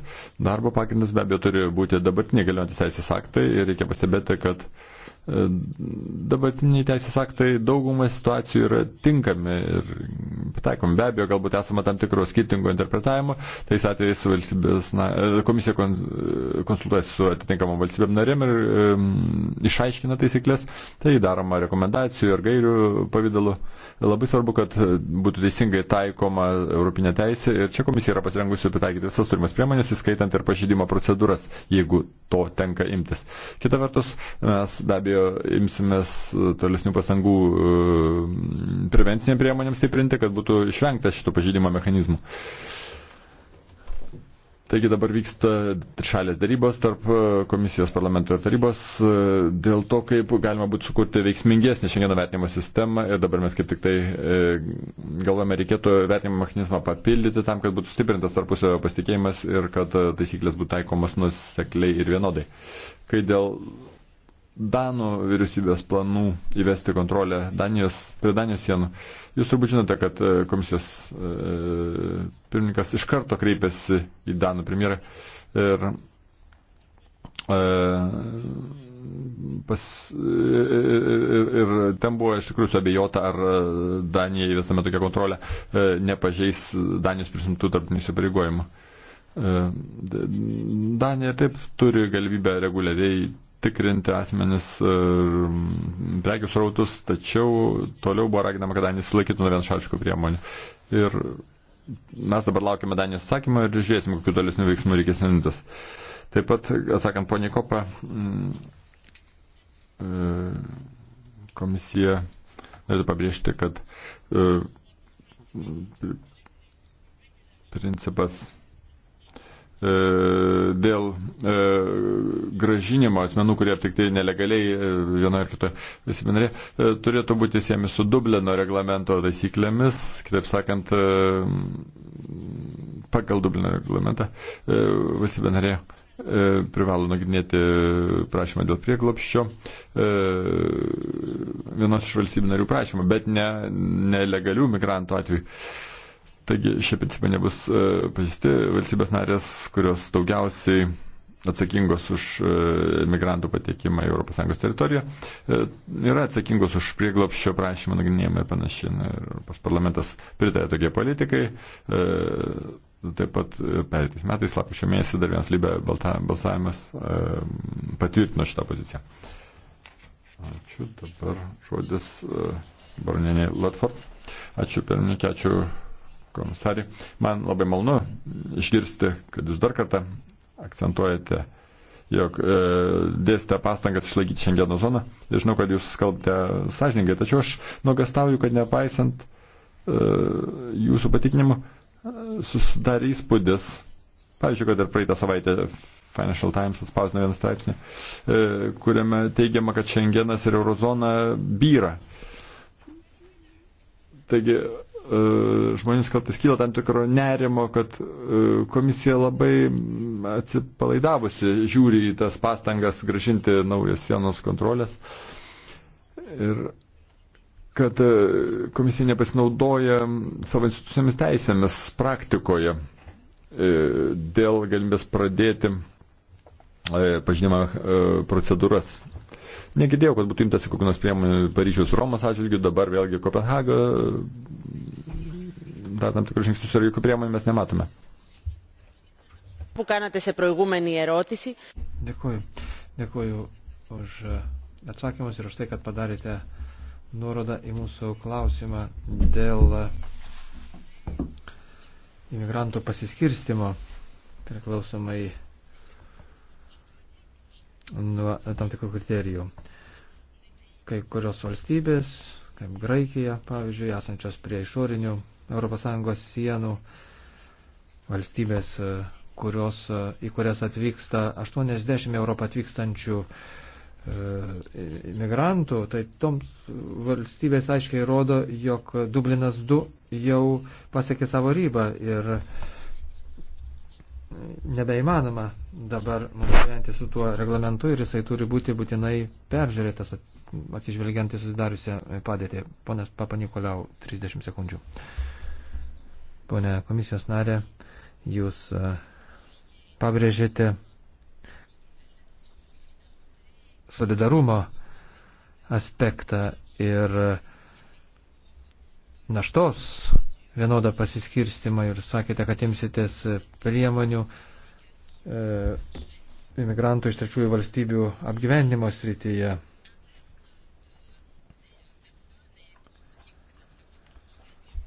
A: Darbo pagrindas be abejo turi būti dabartiniai galiojantis teisės aktai ir reikia pastebėti, kad e, dabartiniai teisės aktai daugumą situacijų yra tinkami ir pataikomi. Be abejo, galbūt esama tam tikro skirtingo interpretavimo. Tais atvejais valstybės, na, komisija konsultuoja su atitinkamom valstybėm narėm ir um, išaiškina taisyklės. Tai daroma rekomendacijų ir gairių pavydalu. Labai svarbu, kad būtų teisingai taikoma Europinė teisė ir čia komisija yra pasirengusi pritaikyti visas turimas priemonės, įskaitant ir pažydimo procedūras, jeigu to tenka imtis. Kita vertus, mes be abejo abejo imsimės tolesnių pasangų e, prevenciniam priemonėms stiprinti, kad būtų išvengta šito pažydimo mechanizmų. Taigi dabar vyksta trišalės darybos tarp e, komisijos parlamento ir tarybos e, dėl to, kaip galima būtų sukurti veiksmingesnį šiandieną vertinimo sistemą ir dabar mes kaip tik tai galvojame, reikėtų vertinimo mechanizmą papildyti tam, kad būtų stiprintas tarpusio pasitikėjimas ir kad taisyklės būtų taikomos nusekliai ir vienodai. Kai dėl Danų vyriausybės planų įvesti kontrolę Danijos, prie Danijos sienų. Jūs turbūt žinote, kad e, komisijos e, pirmininkas iš karto kreipėsi į Danų premjerą ir e, pas, ir, e, e, ir ten buvo iš tikrųjų suabejota, ar Danija įvesame tokią kontrolę nepažeis Danijos prisimtų tarptinių įsipareigojimų. Danija taip turi galimybę reguliariai tikrinti asmenis ir e, prekių srautus, tačiau toliau buvo raginama, kad Danija sulaikytų nuo vienšališkų priemonių. Ir mes dabar laukiame Danijos atsakymą ir žiūrėsim, kokiu tolesnių veiksmų reikės imtis. Taip pat, atsakant, ponė Kopa, mm, e, komisija norėtų pabrėžti, kad e, principas E, dėl e, gražinimo asmenų, kurie aptikti nelegaliai e, vienoje ar kitoje seminarė, turėtų būti siejami su Dublino reglamento taisyklėmis, kitaip sakant, pagal Dublino reglamentą valstybė narė privalo nagrinėti prašymą dėl prieglopščio vienos iš valstybių narių prašymą, bet ne nelegalių migrantų atveju. Taigi šie principai nebus e, pažįsti. Valstybės narės, kurios daugiausiai atsakingos už e, migrantų patekimą į ES teritoriją, e, yra atsakingos už prieglopščio prašymą nagrinėjimą ir panašiai. Europos parlamentas pritarė tokie politikai. Taip pat perėtais metais, lapkričio mėnesį, dar vienas lybė balsavimas patvirtino šitą poziciją. Ačiū. Dabar žodis baronienė Latford. Ačiū pirmininkė, ačiū komisarį. Man labai malonu išgirsti, kad jūs dar kartą akcentuojate, jog e, dėsite pastangas išlaikyti šiandieną zoną. Ir žinau, kad jūs kalbate sąžininkai, tačiau aš nuogastauju, kad nepaisant e, jūsų patikinimų e, susidarė įspūdis, pavyzdžiui, kad ir praeitą savaitę Financial Times atspausino vieną straipsnį, e, kuriame teigiama, kad šiandienas ir eurozona byra. Taigi, E, žmonėms kartais kyla tam tikro nerimo, kad e, komisija labai atsipalaidavusi žiūri į tas pastangas gražinti naujas sienos kontrolės ir kad e, komisija nepasinaudoja savo institucijomis teisėmis praktikoje dėl galimybės pradėti pažinimą procedūras negirdėjau, kad būtų imtasi kokių nors priemonių Paryžiaus Romos atžvilgių, dabar vėlgi Kopenhaga dar tam tikrus žingsnius ir jokių priemonių mes nematome.
C: Dėkuoju. Dėkuoju už atsakymus ir už tai, kad padarėte nuorodą į mūsų klausimą dėl imigrantų pasiskirstimo priklausomai nuo tam tikrų kriterijų. Kai kurios valstybės, kaip Graikija, pavyzdžiui, esančios prie išorinių ES sienų valstybės, e, kurios, e, į kurias atvyksta 80 Europą atvykstančių e, imigrantų, tai toms valstybės aiškiai rodo, jog Dublinas 2 jau pasiekė savo rybą ir nebeįmanoma dabar mums gyventi su tuo reglamentu ir jisai turi būti būtinai peržiūrėtas atsižvelgiant į susidariusią padėtį. Ponas Papanikoliau, 30 sekundžių. Pone komisijos narė, jūs e, pabrėžėte solidarumo aspektą ir naštos vienodą pasiskirstimą ir sakėte, kad imsitės priemonių e, imigrantų iš trečiųjų valstybių apgyvendimo srityje.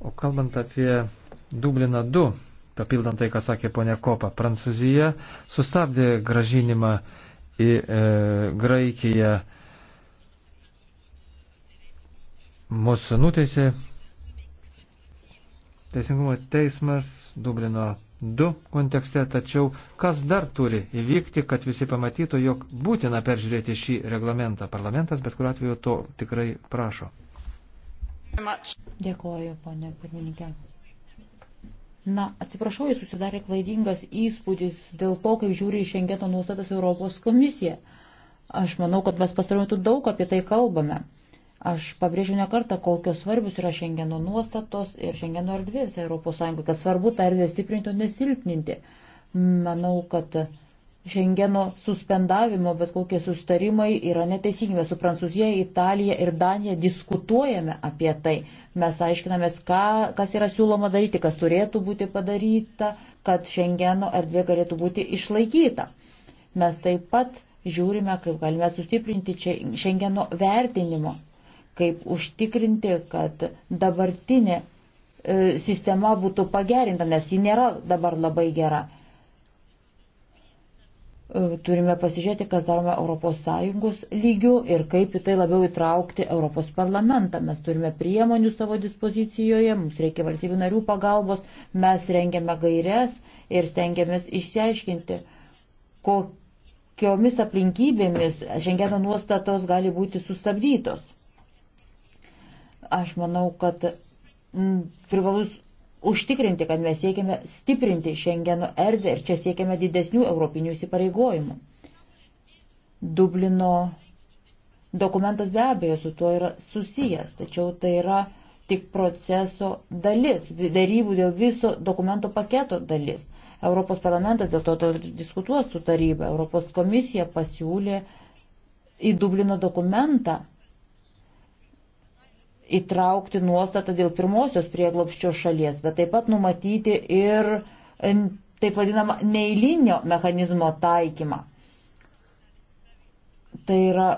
C: O kalbant apie Dublina 2, papildant tai, ką sakė ponė Kopa, Prancūzija sustabdė gražinimą į e, Graikiją, mūsų nuteisė Teisingumo teismas Dublino 2 kontekste, tačiau kas dar turi įvykti, kad visi pamatytų, jog būtina peržiūrėti šį reglamentą. Parlamentas bet kuriuo atveju to tikrai prašo.
B: Dėkuoju, ponė pirmininkė. Na, atsiprašau, jis susidarė klaidingas įspūdis dėl to, kaip žiūri į Šengeno nuostatas Europos komisija. Aš manau, kad mes pastaruoju metu daug apie tai kalbame. Aš pabrėžiu ne kartą, kokios svarbios yra Šengeno nuostatos ir Šengeno erdvė visai Europos Sąjungai, kad svarbu tą erdvę stiprinti, o nesilpninti. Manau, kad Šengeno suspendavimo, bet kokie sustarimai yra neteisingi. Su Prancūzija, Italija ir Danija diskutuojame apie tai. Mes aiškinamės, ką, kas yra siūloma daryti, kas turėtų būti padaryta, kad Šengeno erdvė galėtų būti išlaikyta. Mes taip pat žiūrime, kaip galime sustiprinti Šengeno vertinimo, kaip užtikrinti, kad dabartinė e, sistema būtų pagerinta, nes ji nėra dabar labai gera turime pasižiūrėti, kas darome ES lygių ir kaip į tai labiau įtraukti Europos parlamentą. Mes turime priemonių savo dispozicijoje, mums reikia valstybių narių pagalbos, mes rengiame gairias ir stengiamės išsiaiškinti, kokiomis aplinkybėmis šengeno nuostatos gali būti sustabdytos. Aš manau, kad privalus užtikrinti, kad mes siekiame stiprinti Šengeno erdvę ir čia siekiame didesnių europinių įsipareigojimų. Dublino dokumentas be abejo su tuo yra susijęs, tačiau tai yra tik proceso dalis, darybų dėl viso dokumento paketo dalis. Europos parlamentas dėl to, to diskutuos su taryba, Europos komisija pasiūlė į Dublino dokumentą įtraukti nuostatą dėl pirmosios prieglopščio šalies, bet taip pat numatyti ir taip vadinamą neįlinio mechanizmo taikymą. Tai yra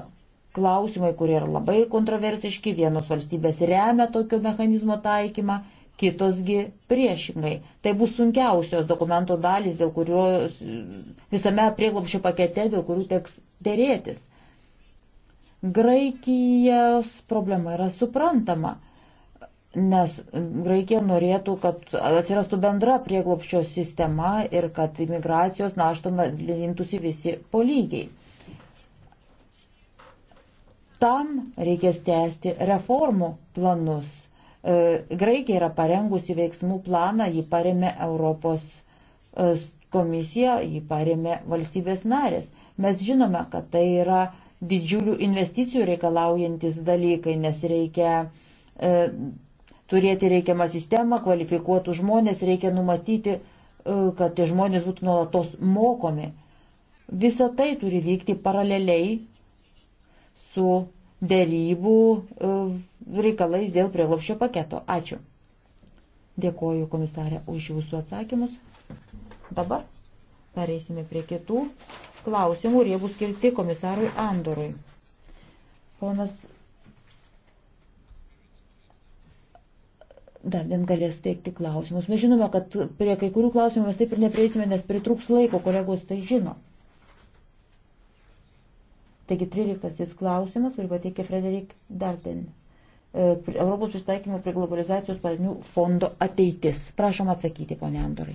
B: klausimai, kurie yra labai kontroversiški, vienos valstybės remia tokio mechanizmo taikymą, kitosgi priešingai. Tai bus sunkiausios dokumento dalys, dėl kurio visame prieglopščio pakete, dėl kurių teks dėrėtis. Graikijos problema yra suprantama, nes Graikija norėtų, kad atsirastų bendra prieglopščio sistema ir kad imigracijos naštą lintųsi visi polygiai. Tam reikės tęsti reformų planus. E, Graikija yra parengusi veiksmų planą, jį paremė Europos e, komisija, jį paremė valstybės narės. Mes žinome, kad tai yra didžiulių investicijų reikalaujantis dalykai, nes reikia e, turėti reikiamą sistemą, kvalifikuotų žmonės, reikia numatyti, e, kad tie žmonės būtų nuolatos mokomi. Visa tai turi vykti paraleliai su dėrybų e, reikalais dėl prieglopščio paketo. Ačiū. Dėkoju komisarė už jūsų atsakymus. Dabar pereisime prie kitų klausimų ir jie bus skirti komisarui Andorui. Ponas dar vien galės teikti klausimus. Mes žinome, kad prie kai kurių klausimų mes taip ir neprieisime, nes pritruks laiko, kolegos tai žino. Taigi 13 klausimas, kurį pateikė Frederik Darden. E, Europos pristaikymo prie globalizacijos padinių fondo ateitis. Prašom atsakyti, ponė Andorai.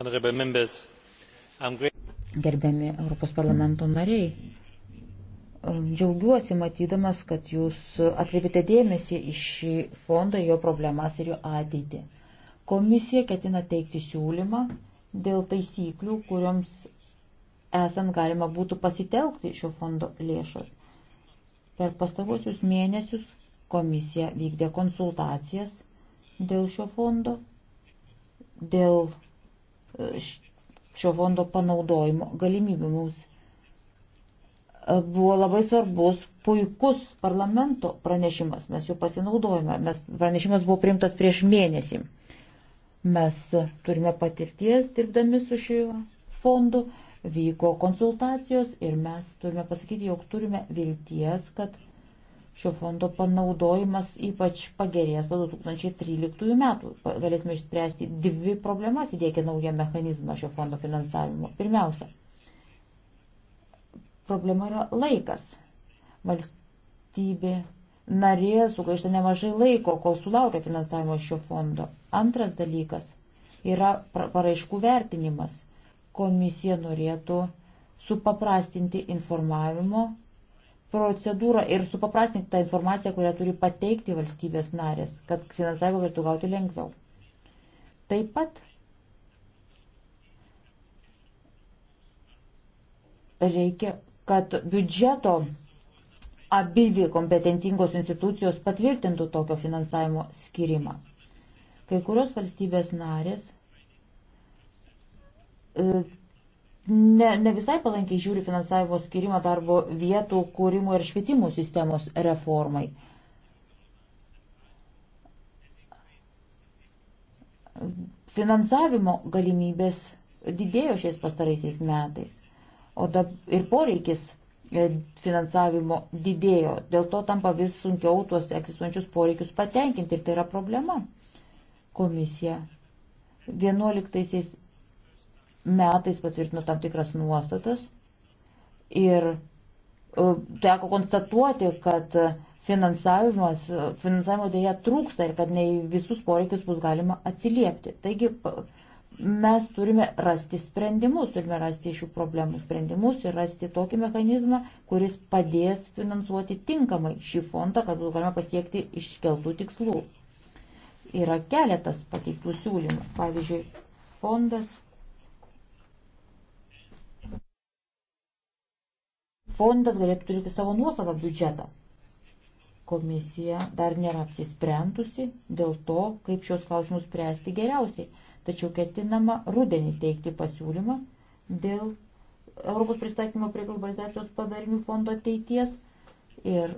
A: Honorable members,
B: Gerbiami Europos parlamento nariai, džiaugiuosi matydamas, kad jūs atkreipite dėmesį į šį fondą, jo problemas ir jo ateitį. Komisija ketina teikti siūlymą dėl taisyklių, kuriams esant galima būtų pasitelkti šio fondo lėšas. Per pastaruosius mėnesius komisija vykdė konsultacijas dėl šio fondo, dėl šio fondo panaudojimo galimybių mums. E, buvo labai svarbus, puikus parlamento pranešimas, mes jau pasinaudojame, mes, pranešimas buvo priimtas prieš mėnesį. Mes turime patirties dirbdami su šiuo fondu, vyko konsultacijos ir mes turime pasakyti, jog turime vilties, kad šio fondo panaudojimas ypač pagerės po 2013 metų. Galėsime išspręsti dvi problemas, įdėkę naują mechanizmą šio fondo finansavimo. Pirmiausia, problema yra laikas. Valstybė narė sugaišta nemažai laiko, kol sulaukia finansavimo šio fondo. Antras dalykas yra paraiškų vertinimas. Komisija norėtų supaprastinti informavimo procedūrą ir supaprastinti tą informaciją, kurią turi pateikti valstybės narės, kad finansavimą galėtų gauti lengviau. Taip pat reikia, kad biudžeto abivi kompetentingos institucijos patvirtintų tokio finansavimo skirimą. Kai kurios valstybės narės e, ne, ne visai palankiai žiūri finansavimo skirimą darbo vietų kūrimo ir švietimo sistemos reformai. Finansavimo galimybės didėjo šiais pastaraisiais metais, o dab, ir poreikis e, finansavimo didėjo. Dėl to tampa vis sunkiau tuos egzistuojančius poreikius patenkinti ir tai yra problema. Komisija 11 metais patvirtino tam tikras nuostatas ir e, teko konstatuoti, kad finansavimas, finansavimo dėja trūksta ir kad ne visus poreikius bus galima atsiliepti. Taigi mes turime rasti sprendimus, turime rasti šių problemų sprendimus ir rasti tokį mechanizmą, kuris padės finansuoti tinkamai šį fondą, kad būtų galima pasiekti iškeltų tikslų. Yra keletas pateiktų siūlymų. Pavyzdžiui, fondas fondas galėtų turėti savo nuosavą biudžetą. Komisija dar nėra apsisprendusi dėl to, kaip šios klausimus spręsti geriausiai, tačiau ketinama rudenį teikti pasiūlymą dėl Europos pristatymo prie globalizacijos padarinių fondo ateities. Ir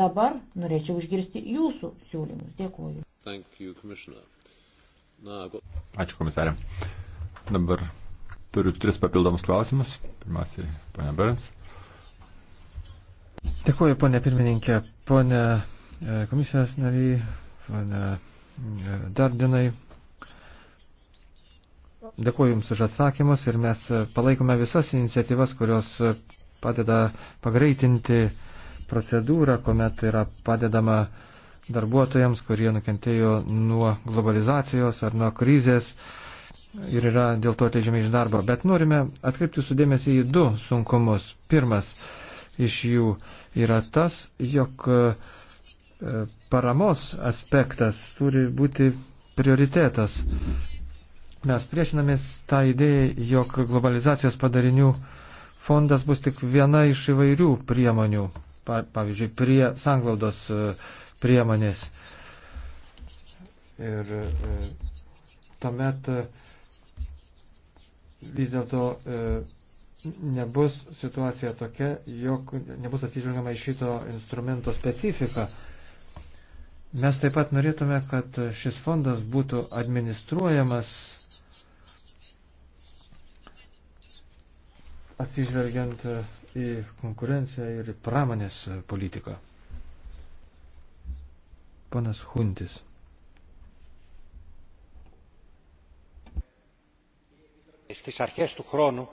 B: dabar norėčiau užgirsti jūsų siūlymus. Dėkuoju.
A: You, Now, got... Ačiū komisarė. Dabar Turiu tris papildomus klausimus. Pirmiausiai, ponia Berns.
C: Dėkuoju, ponia pirmininkė, ponia e, komisijos nariai, ponia e, Dardinai. Dėkuoju Jums už atsakymus ir mes e, palaikome visas iniciatyvas, kurios padeda pagreitinti procedūrą, kuomet yra padedama darbuotojams, kurie nukentėjo nuo globalizacijos ar nuo krizės. Uh, ir yra dėl to atleidžiami iš darbo. Bet norime atkreipti sudėmėsi į du sunkumus. Pirmas iš jų yra tas, jog e, paramos aspektas turi būti prioritetas. Mes priešinamės tą idėją, jog globalizacijos padarinių fondas bus tik viena iš įvairių priemonių, pavyzdžiui, prie sanglaudos e, priemonės. Ir e, tuomet vis dėlto e, nebus situacija tokia, jog nebus atsižvelgiama į šito instrumento specifiką. Mes taip pat norėtume, kad šis fondas būtų administruojamas atsižvelgiant į konkurenciją ir į pramonės politiką. Panas Huntis. στις αρχές του χρόνου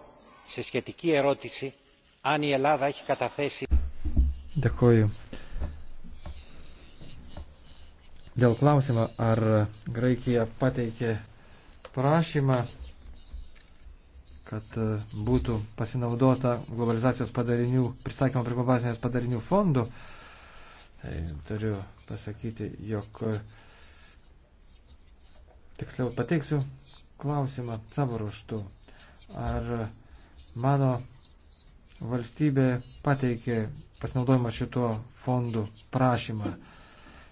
C: σε σχετική ερώτηση αν η Ελλάδα έχει καταθέσει. Dėkuoju. Dėl klausimo, ar Graikija pateikė prašymą, kad e, būtų pasinaudota globalizacijos padarinių, pristatymo prie globalizacijos padarinių fondų, tai turiu pasakyti, jog e, tiksliau pateiksiu klausimą savo ruštu. Ar mano valstybė pateikė pasinaudojimą šituo fondu prašymą?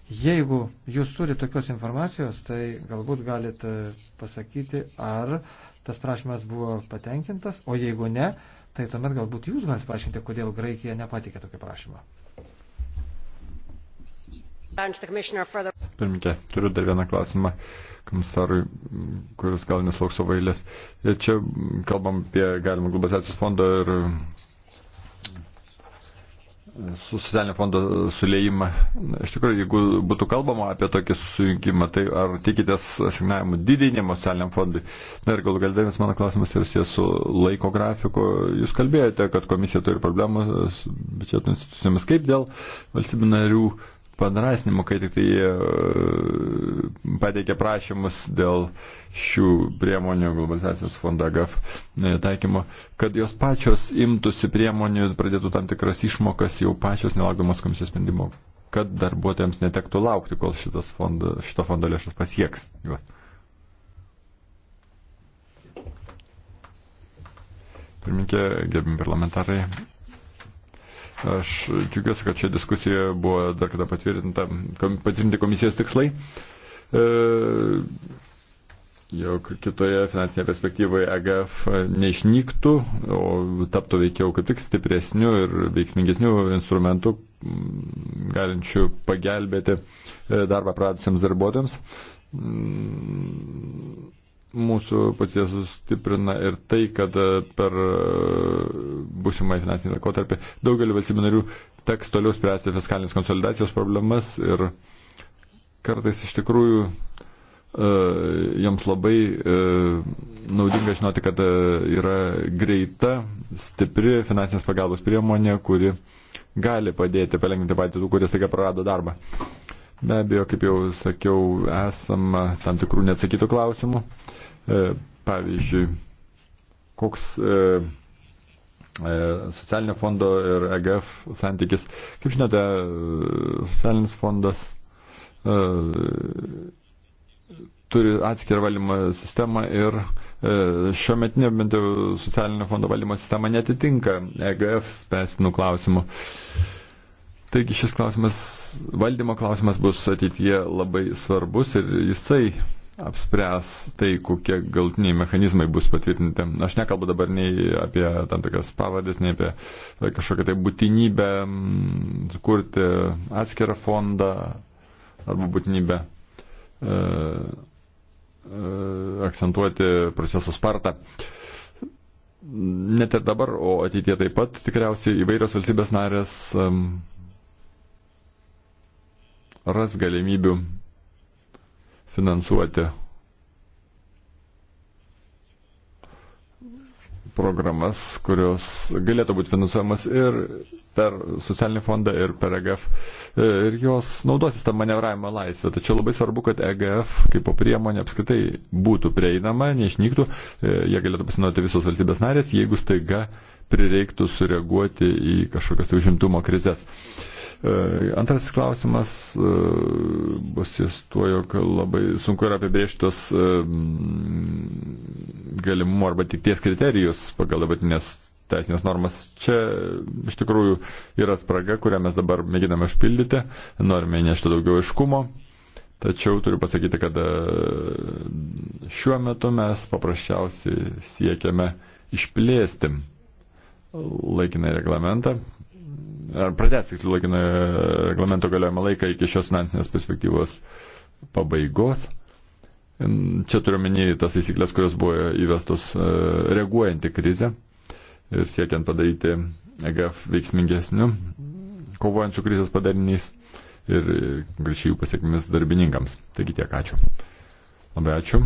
C: Jeigu jūs turite tokios informacijos, tai galbūt galite pasakyti, ar tas prašymas buvo patenkintas, o jeigu ne, tai tuomet galbūt jūs galite paaiškinti, kodėl Graikija nepatikė tokį prašymą.
B: Pirmininkė,
A: turiu dar vieną klausimą komisarui, kuris gal neslauks savo eilės. Ir čia kalbam apie galimą globalizacijos fondą ir su socialinio fondo sulėjimą. Iš tikrųjų, jeigu būtų kalbama apie tokį sujungimą, tai ar tikitės asignavimų didinimo socialiniam fondui? Na ir gal galėdamas mano klausimas ir sės su laiko grafiku. Jūs kalbėjote, kad komisija turi problemų su biudžeto institucijomis. Kaip dėl valstybių narių uh, padrasnimu, kai tik tai e, pateikė prašymus dėl šių priemonių globalizacijos fondo GAF e, taikymo, kad jos pačios imtųsi priemonių ir pradėtų tam tikras išmokas jau pačios nelaukdamos komisijos sprendimo, kad darbuotojams netektų laukti, kol fondo, šito fondo lėšas pasieks juos. Pirminkė, gerbim parlamentarai, Aš tikiuosi, kad čia diskusijoje buvo dar kada patvirtinta, patvirtinti komisijos tikslai. E, jog kitoje finansinėje perspektyvoje EGF neišnyktų, o taptų veikiau kaip tik stipresniu ir veiksmingesniu instrumentu, galinčiu pagelbėti e, darbą pradusiems darbuotojams mūsų poziciją sustiprina ir tai, kad e, per e, būsimąjį finansinį laikotarpį daugelį valstybių narių teks toliau spręsti fiskalinės konsolidacijos problemas ir kartais iš tikrųjų e, joms labai naudinga žinoti, kad yra greita, stipri finansinės pagalbos priemonė, kuri gali padėti palengvinti patį tų, kurie staiga prarado darbą. Be abejo, kaip jau sakiau, esam tam tikrų neatsakytų klausimų. Uh, E, pavyzdžiui, koks e, e, socialinio fondo ir EGF santykis. Kaip žinote, socialinis fondas turi atskirą valdymo sistemą ir šio metinio bent jau socialinio fondo valdymo sistema netitinka EGF spęstinų klausimų. Taigi šis klausimas, valdymo klausimas bus ateityje labai svarbus ir jisai apspręs tai, kokie galtiniai mechanizmai bus patvirtinti. Aš nekalbu dabar nei apie tam tikras pavadės, nei apie kažkokią tai būtinybę mm, sukurti atskirą fondą arba būtinybę e, e, akcentuoti proceso spartą. Net ir dabar, o ateitie taip pat tikriausiai įvairios valstybės narės um, e, ras galimybių finansuoti programas, kurios galėtų būti finansuojamas ir per socialinį fondą, ir per EGF. E, ir jos naudosis tą manevravimo laisvę. Tačiau labai svarbu, kad EGF kaip priemonė apskritai būtų prieinama, neišnyktų, e, jie galėtų pasinaudoti visos valstybės narės, jeigu staiga uh, prireiktų sureaguoti į kažkokias tai užimtumo krizės. E, Antrasis klausimas e, bus jis tuo, jog labai sunku yra apibrėžtos e, galimumo arba tikties kriterijus pagal dabartinės teisinės normas. Čia iš tikrųjų yra spraga, kurią mes dabar mėginame užpildyti, norime nešti daugiau aiškumo. Tačiau turiu pasakyti, kad šiuo metu mes paprasčiausiai siekiame išplėsti laikiną reglamentą, ar pratęs tiksliau laikiną reglamento galiojimą laiką iki šios finansinės perspektyvos pabaigos. Čia turiu minėti tas taisyklės, kurios buvo įvestos e, reaguojant į krizę ir siekiant padaryti EGF veiksmingesniu, kovojant su krizės padariniais ir grįžti jų pasiekmes darbininkams. Taigi tiek ačiū. Labai ačiū.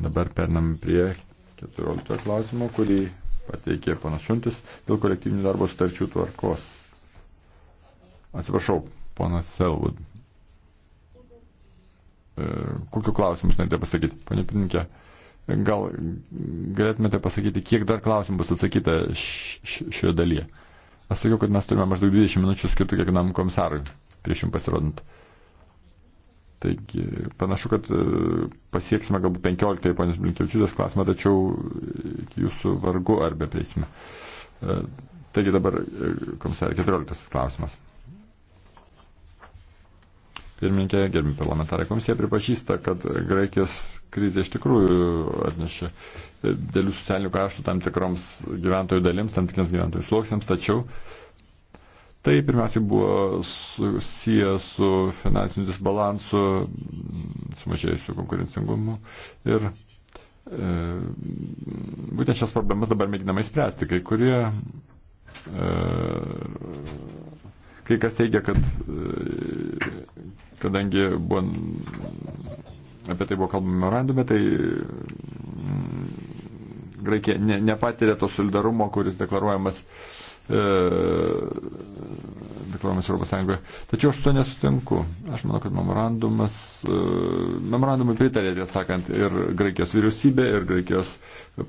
A: Dabar pernam prie 14 klausimo, kurį pateikė panašuntis dėl kolektyvinių darbo sutarčių tvarkos. Atsiprašau, ponas Selwood. E, kokiu klausimus norite pasakyti, ponė Pininkė? Gal galėtumėte pasakyti, kiek dar klausimų bus atsakyta šioje dalyje? Aš sakiau, kad mes turime maždaug 20 minučių skirtų kiekvienam komisarui prieš jums pasirodant. Taigi panašu, kad e, pasieksime galbūt 15 ponios Blinkevičiūtės klausimą, tačiau iki jūsų vargu ar beprieisime. E, taigi dabar, e, komisarė, 14 klausimas. Pirmininkė, gerbimi parlamentarai, komisija pripažįsta, kad Graikijos krizė iš tikrųjų atnešė dėlių socialinių kaštų tam tikroms gyventojų dalims, tam tikriems gyventojų sluoksniams, tačiau uh, Tai pirmiausia buvo susijęs su finansiniu disbalansu, sumažėjusiu konkurencingumu ir e, būtent šias problemas dabar mėginama įspręsti. Kai kurie, e, kai kas teigia, kad e, kadangi buvo, apie tai buvo kalbama memorandume, tai mm, Graikija ne, nepatiria to solidarumo, kuris deklaruojamas reformas ES. Tačiau aš to nesutinku. Aš manau, kad memorandumas, e, memorandumui pritarė, tiesą sakant, ir Graikijos vyriausybė, ir Graikijos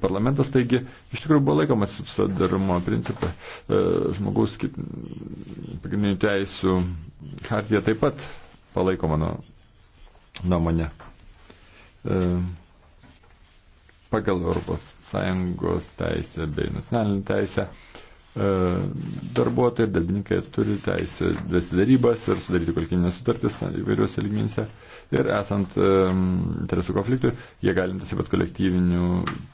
A: parlamentas. Taigi, iš tikrųjų buvo laikomas subsidarumo principą. E, žmogaus pagrindinių teisų hartija taip pat palaiko mano nuomonę. E, pagal ES teisę bei nacionalinę teisę E, darbuotojai ir darbininkai turi teisę vesti darybas ir sudaryti kolektyvinės sutartis įvairiuose lygmenyse. Ir esant e, interesų konfliktui, jie gali imtis pat kolektyvinių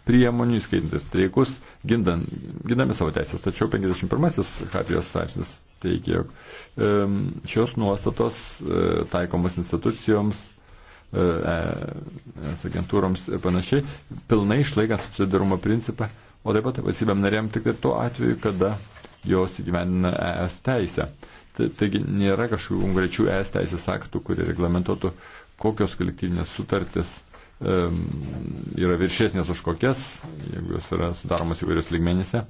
A: priemonių, įskaitant streikus, gindant, gindami savo teisės. Tačiau 51-asis Hartijos straipsnis teigia, jog e, šios nuostatos taikomos institucijoms es agentūroms ir panašiai, pilnai išlaikant subsidarumo principą, o taip pat valstybėm narėm tik tai tuo atveju, kada jos įgyvendina ES teisę. Taigi nėra kažkokių konkrečių ES teisės aktų, kurie reglamentuotų, kokios kolektyvinės sutartis e, yra viršesnės už kokias, jeigu jos yra sudaromas įvairios lygmenyse,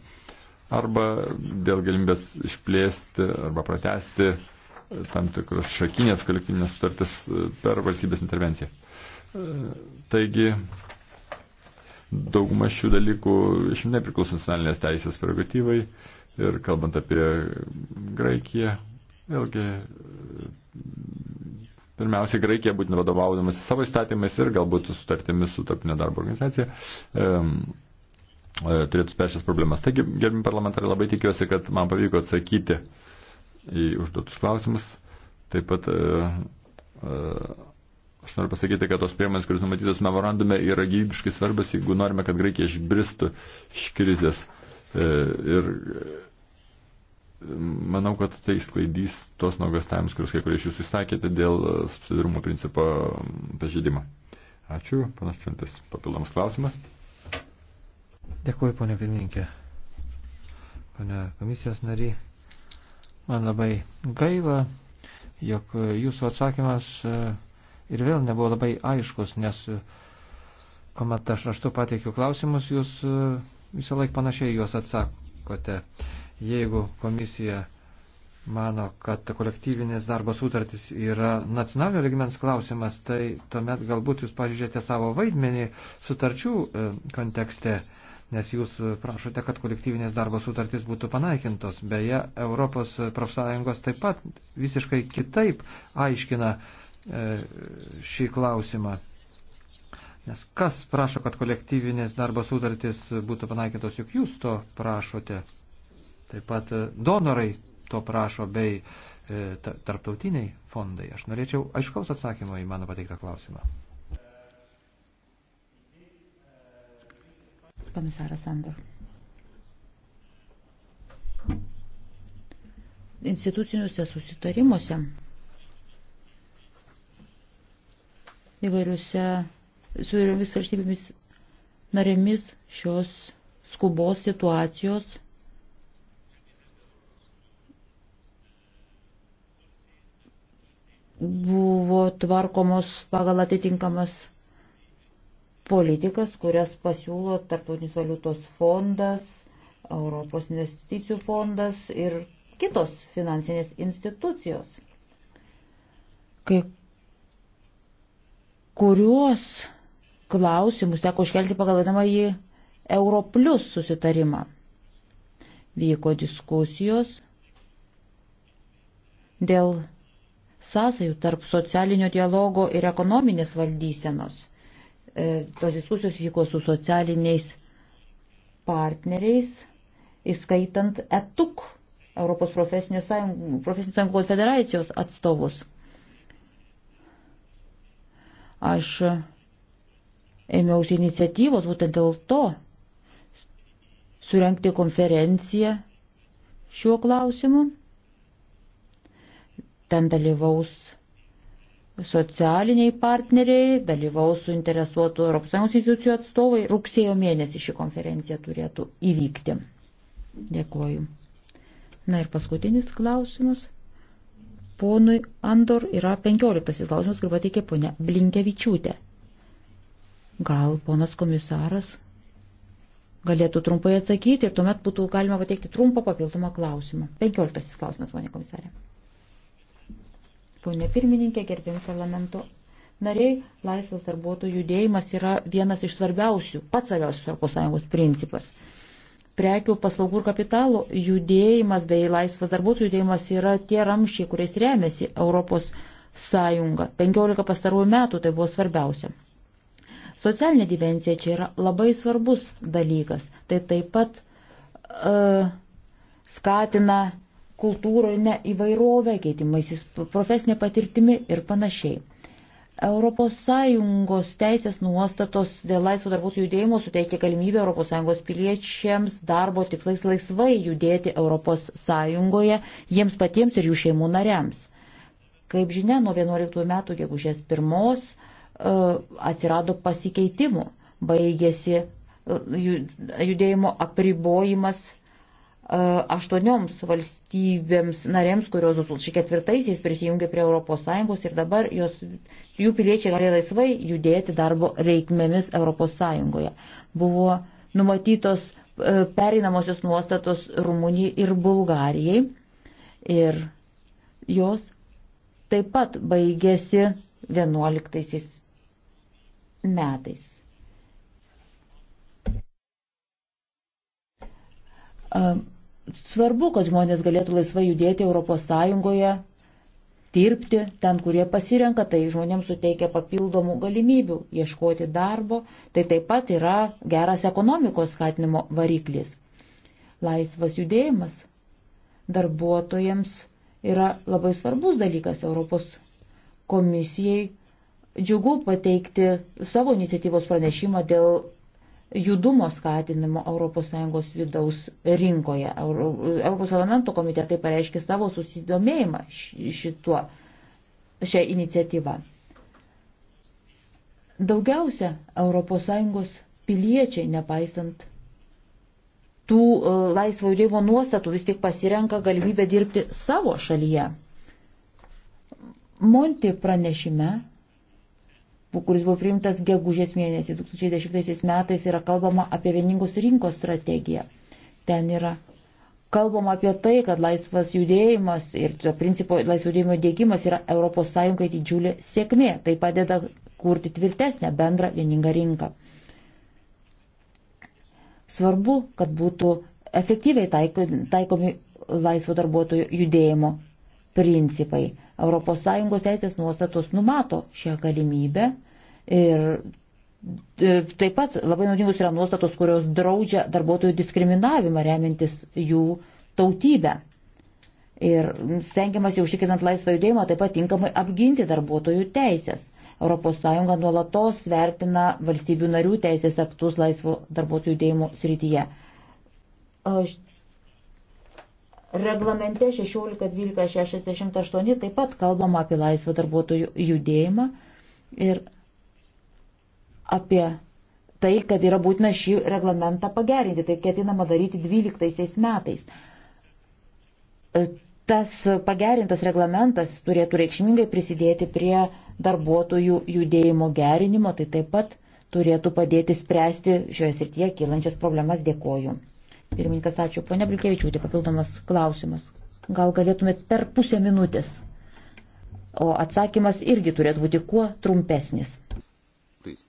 A: arba dėl galimybės išplėsti arba pratesti tam tikras šakinės kolektyvinės sutartis e, per valstybės intervenciją.
C: E,
A: taigi dauguma šių dalykų šimtai priklauso nacionalinės teisės prerogatyvai ir kalbant apie Graikiją, vėlgi pirmiausia, Graikija būtent vadovaudamas savo įstatymais ir galbūt sutartimis su tarptinė darbo organizacija e, turėtų spręstis problemas. Taigi, gerbimi parlamentarai, labai tikiuosi, kad man pavyko atsakyti į užduotus klausimus. Taip pat e, e, Aš noriu pasakyti, kad tos priemonės, kuris numatytos memorandume, yra gyvybiškai svarbas, jeigu norime, kad Graikija išbristų iš krizės. E, ir e, manau, kad tai sklaidys tos nuogastavimus, kuriuos kai kurie iš jūsų išsakėte dėl subsidirumo principo pažydimo. Ačiū, panas Čiuntis. Papildomas klausimas.
C: Dėkuoju, ponia pirmininkė. Pane komisijos nariai, man labai gaila, jog jūsų atsakymas uh, ir vėl nebuvo labai aiškus, nes e, kuomet aš raštu pateikiu klausimus, jūs e, visą laiką panašiai juos atsakote. Jeigu komisija mano, kad kolektyvinės darbo sutartys yra nacionalinio ligmens klausimas, tai tuomet galbūt jūs pažiūrėjote savo vaidmenį sutarčių e, kontekste, nes jūs prašote, kad kolektyvinės darbo sutartys būtų panaikintos. Beje, Europos profsąjungos taip pat visiškai kitaip aiškina E, šį klausimą. Nes kas prašo, kad kolektyvinės darbo sutartys būtų panaikintos, juk jūs to prašote. Taip pat e, donorai to prašo, bei e, tarptautiniai fondai. Aš norėčiau aiškaus atsakymo į mano pateiktą klausimą.
B: Komisaras Sandor. Instituciniuose susitarimuose įvairiuose, su įvairiomis valstybėmis narėmis šios skubos situacijos. buvo tvarkomos pagal atitinkamas politikas, kurias pasiūlo Tartautinis valiutos fondas, Europos investicijų fondas ir kitos finansinės institucijos. Kai kuriuos klausimus teko iškelti pagal vadinamąjį Europlius susitarimą. Vyko diskusijos dėl sąsajų tarp socialinio dialogo ir ekonominės valdysenos. E, tos diskusijos vyko su socialiniais partneriais, įskaitant ETUK, Europos profesinės sąjungos, profesinės sąjungos federacijos atstovus. Aš ėmiausi iniciatyvos būtent dėl to surenkti konferenciją šiuo klausimu. Ten dalyvaus socialiniai partneriai, dalyvaus suinteresuotų ES institucijų atstovai. Rugsėjo mėnesį ši konferencija turėtų įvykti. Dėkoju. Na ir paskutinis klausimas. Ponui Andor yra 15 klausimas, kurį pateikė ponia Blinkevičiūtė. Gal ponas komisaras galėtų trumpai atsakyti ir tuomet būtų galima pateikti trumpą papildomą klausimą. 15 klausimas, ponė komisarė. Pone pirmininkė, gerbėjim parlamento nariai, laisvas darbuotojų judėjimas yra vienas iš svarbiausių, pats svarbiausias Europos Sąjungos principas prekių, paslaugų ir kapitalo judėjimas bei laisvas darbuotojų judėjimas yra tie ramščiai, kuriais remiasi Europos Sąjunga. 15 pastarųjų metų tai buvo svarbiausia. Socialinė dimencija čia yra labai svarbus dalykas. Tai taip pat uh, skatina kultūrinę įvairovę, keitimasis profesinė patirtimi ir panašiai. ES teisės nuostatos dėl laisvo darbuotojų judėjimo suteikia galimybę ES piliečiams darbo tikslais laisvai judėti ES, jiems patiems ir jų šeimų nariams. Kaip žinia, nuo 11 metų gegužės pirmos e, atsirado pasikeitimų, baigėsi e, judėjimo apribojimas aštuonioms valstybėms narėms, kurios 2004-aisiais prisijungė prie ES ir dabar jos, jų piliečiai gali laisvai judėti darbo reikmėmis ES. Buvo numatytos e, pereinamosios nuostatos Rumunijai ir Bulgarijai ir jos taip pat baigėsi 11 metais. Svarbu, kad žmonės galėtų laisvai judėti ES, dirbti ten, kurie pasirenka, tai žmonėms suteikia papildomų galimybių ieškoti darbo, tai taip pat yra geras ekonomikos skatinimo variklis. Laisvas judėjimas darbuotojams yra labai svarbus dalykas Europos komisijai. Džiugu pateikti savo iniciatyvos pranešimą dėl judumo skatinimo ES vidaus rinkoje. Europos parlamento komitetai pareiškė savo susidomėjimą šituo, šią iniciatyvą. Daugiausia ES piliečiai, nepaisant tų e, laisvo judėjimo nuostatų, vis tik pasirenka galimybę dirbti savo šalyje. Monti pranešime kuris buvo priimtas gegužės mėnesį 2010 metais, yra kalbama apie vieningos rinkos strategiją. Ten yra kalbama apie tai, kad laisvas judėjimas ir to principo laisvo judėjimo dėgymas yra ES didžiulė sėkmė. Tai padeda kurti tvirtesnę bendrą vieningą rinką. Svarbu, kad būtų efektyviai taikomi laisvo darbuotojų judėjimo principai. ES teisės nuostatos numato šią galimybę ir e, taip pat labai naudingus yra nuostatos, kurios draudžia darbuotojų diskriminavimą remintis jų tautybę. Ir stengiamasi užtikrinant laisvą judėjimą taip pat tinkamai apginti darbuotojų teisės. ES nuolatos vertina valstybių narių teisės aktus laisvo darbuotojų judėjimo srityje. Aš Reglamente 16.12.68 taip pat kalbama apie laisvą darbuotojų judėjimą ir apie tai, kad yra būtina šį reglamentą pagerinti. Tai ketinama daryti 12 metais. E, tas pagerintas reglamentas turėtų reikšmingai prisidėti prie darbuotojų judėjimo gerinimo, tai taip pat turėtų padėti spręsti šioje srityje kylančias problemas. Dėkoju. Pirmininkas, ačiū. Pone Brilkevičiūtė, papildomas klausimas. Gal galėtumėt per pusę minutės, o atsakymas irgi turėtų būti kuo trumpesnis. Please.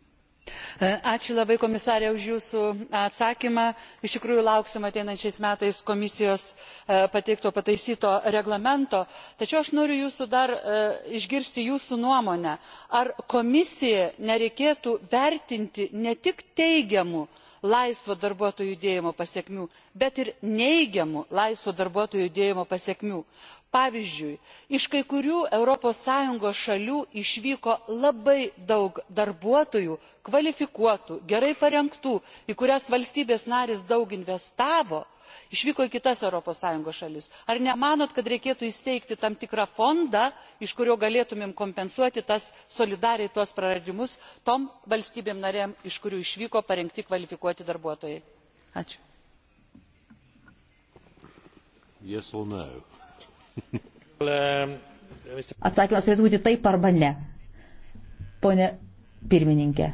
B: E, ačiū labai komisarė už Jūsų atsakymą. Iš tikrųjų lauksim ateinančiais metais komisijos e, pateikto pataisyto reglamento. Tačiau aš noriu Jūsų dar e, išgirsti Jūsų nuomonę. Ar komisija nereikėtų vertinti ne tik teigiamų laisvo darbuotojų judėjimo pasekmių bet ir neigiamų laisvo darbuotojų judėjimo pasekmių. pavyzdžiui iš kai kurių europos sąjungos šalių išvyko labai daug darbuotojų kvalifikuotų gerai parengtų į kurias valstybės narės daug investavo išvyko į kitas europos sąjungos šalis ar nemanote kad reikėtų įsteigti tam tikrą fondą iš kurio galėtumėm kompensuoti solidariai tuos praradimus tom valstybėm narėm iš kurių išvyko parengti kvalifikuoti darbuotojai?
A: Atsakymas
B: turėtų būti taip arba ne. Pone pirmininkė.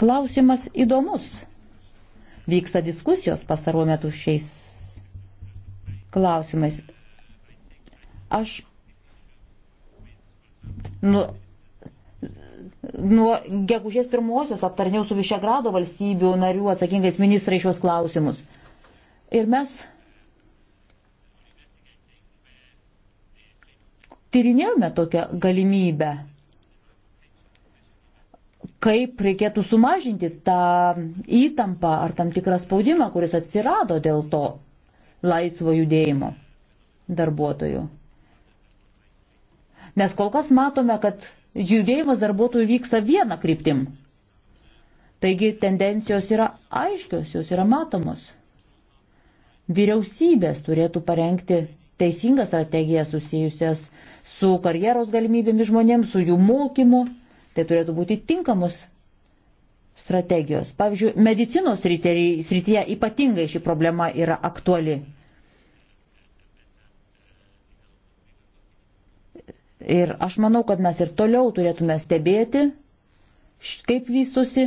B: Klausimas įdomus. Vyksta diskusijos pastaruo metu šiais klausimais. Aš nu, nuo gegužės pirmosios aptarniau su Višegrado valstybių narių atsakingais ministrai šios klausimus. Ir mes tyrinėjome tokią galimybę kaip reikėtų sumažinti tą įtampą ar tam tikrą spaudimą, kuris atsirado dėl to laisvo judėjimo darbuotojų. Nes kol kas matome, kad judėjimas darbuotojų vyksta vieną kryptim. Taigi tendencijos yra aiškios, jos yra matomos. Vyriausybės turėtų parengti teisingas strategijas susijusias su karjeros galimybėmis žmonėms, su jų mokymu Tai turėtų būti tinkamos strategijos. Pavyzdžiui, medicinos srityje ypatingai ši problema yra aktuali. Ir aš manau, kad mes ir toliau turėtume stebėti, kaip vystosi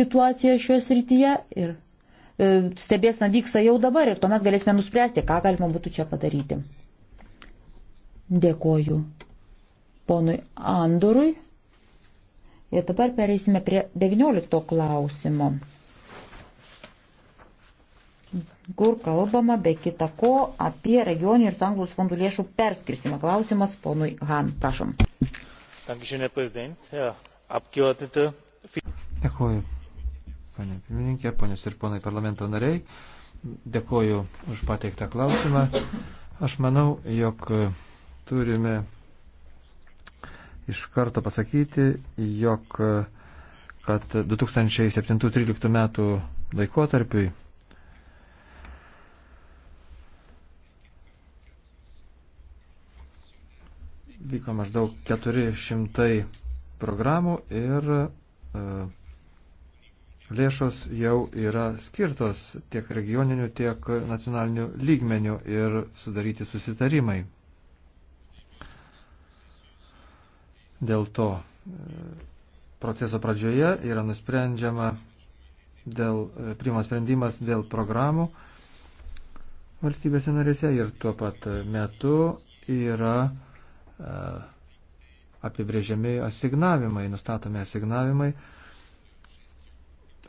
B: situacija šioje srityje ir e, stebėsna vyksta jau dabar ir tuomet galėsime nuspręsti, ką galima būtų čia padaryti. Dėkoju ponui Andorui. Ir dabar pereisime prie 19 klausimo, kur kalbama be kita ko apie regionių ir sanglus fondų lėšų perskirstimą. Klausimas ponui Han, prašom.
C: Dėkuoju, panė pirmininkė, ponės ir ponai parlamento nariai. Dėkuoju už pateiktą klausimą. Aš manau, jog turime iš karto pasakyti, jog kad 2007-2013 metų laikotarpiui vyko maždaug 400 programų ir uh, lėšos jau yra skirtos tiek regioninių, tiek nacionalinių lygmenių ir sudaryti susitarimai Dėl to e, proceso pradžioje yra nusprendžiama dėl, e, priimas sprendimas dėl programų valstybėse narėse ir tuo pat metu yra e, apibrėžiami asignavimai, nustatomi asignavimai,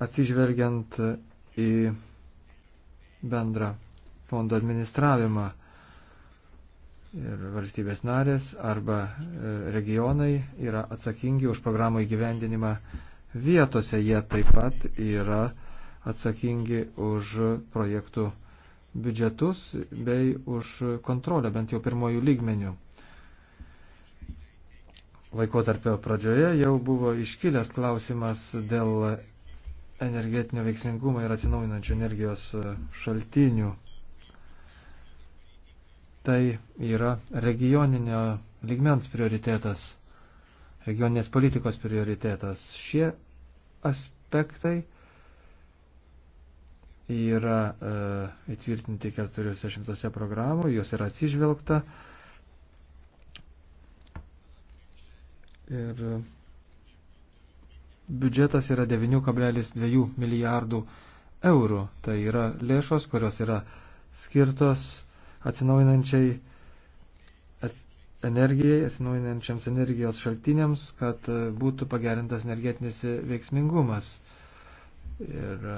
C: atsižvelgiant į bendrą fondo administravimą ir valstybės narės arba e, regionai yra atsakingi už programų įgyvendinimą vietose. Jie taip pat yra atsakingi už projektų biudžetus bei už kontrolę, bent jau pirmojų lygmenių. Laikotarpio pradžioje jau buvo iškilęs klausimas dėl energetinio veiksmingumo ir atsinaujinančių energijos šaltinių tai yra regioninio ligmens prioritetas, regioninės politikos prioritetas. Šie aspektai yra e, įtvirtinti 400 programų, jos yra atsižvelgta. Ir biudžetas yra 9,2 milijardų eurų. Tai yra lėšos, kurios yra skirtos atsinaujinančiai energijai, atsinaujinančiams energijos šaltiniams, kad e, būtų pagerintas energetinis veiksmingumas. Ir e,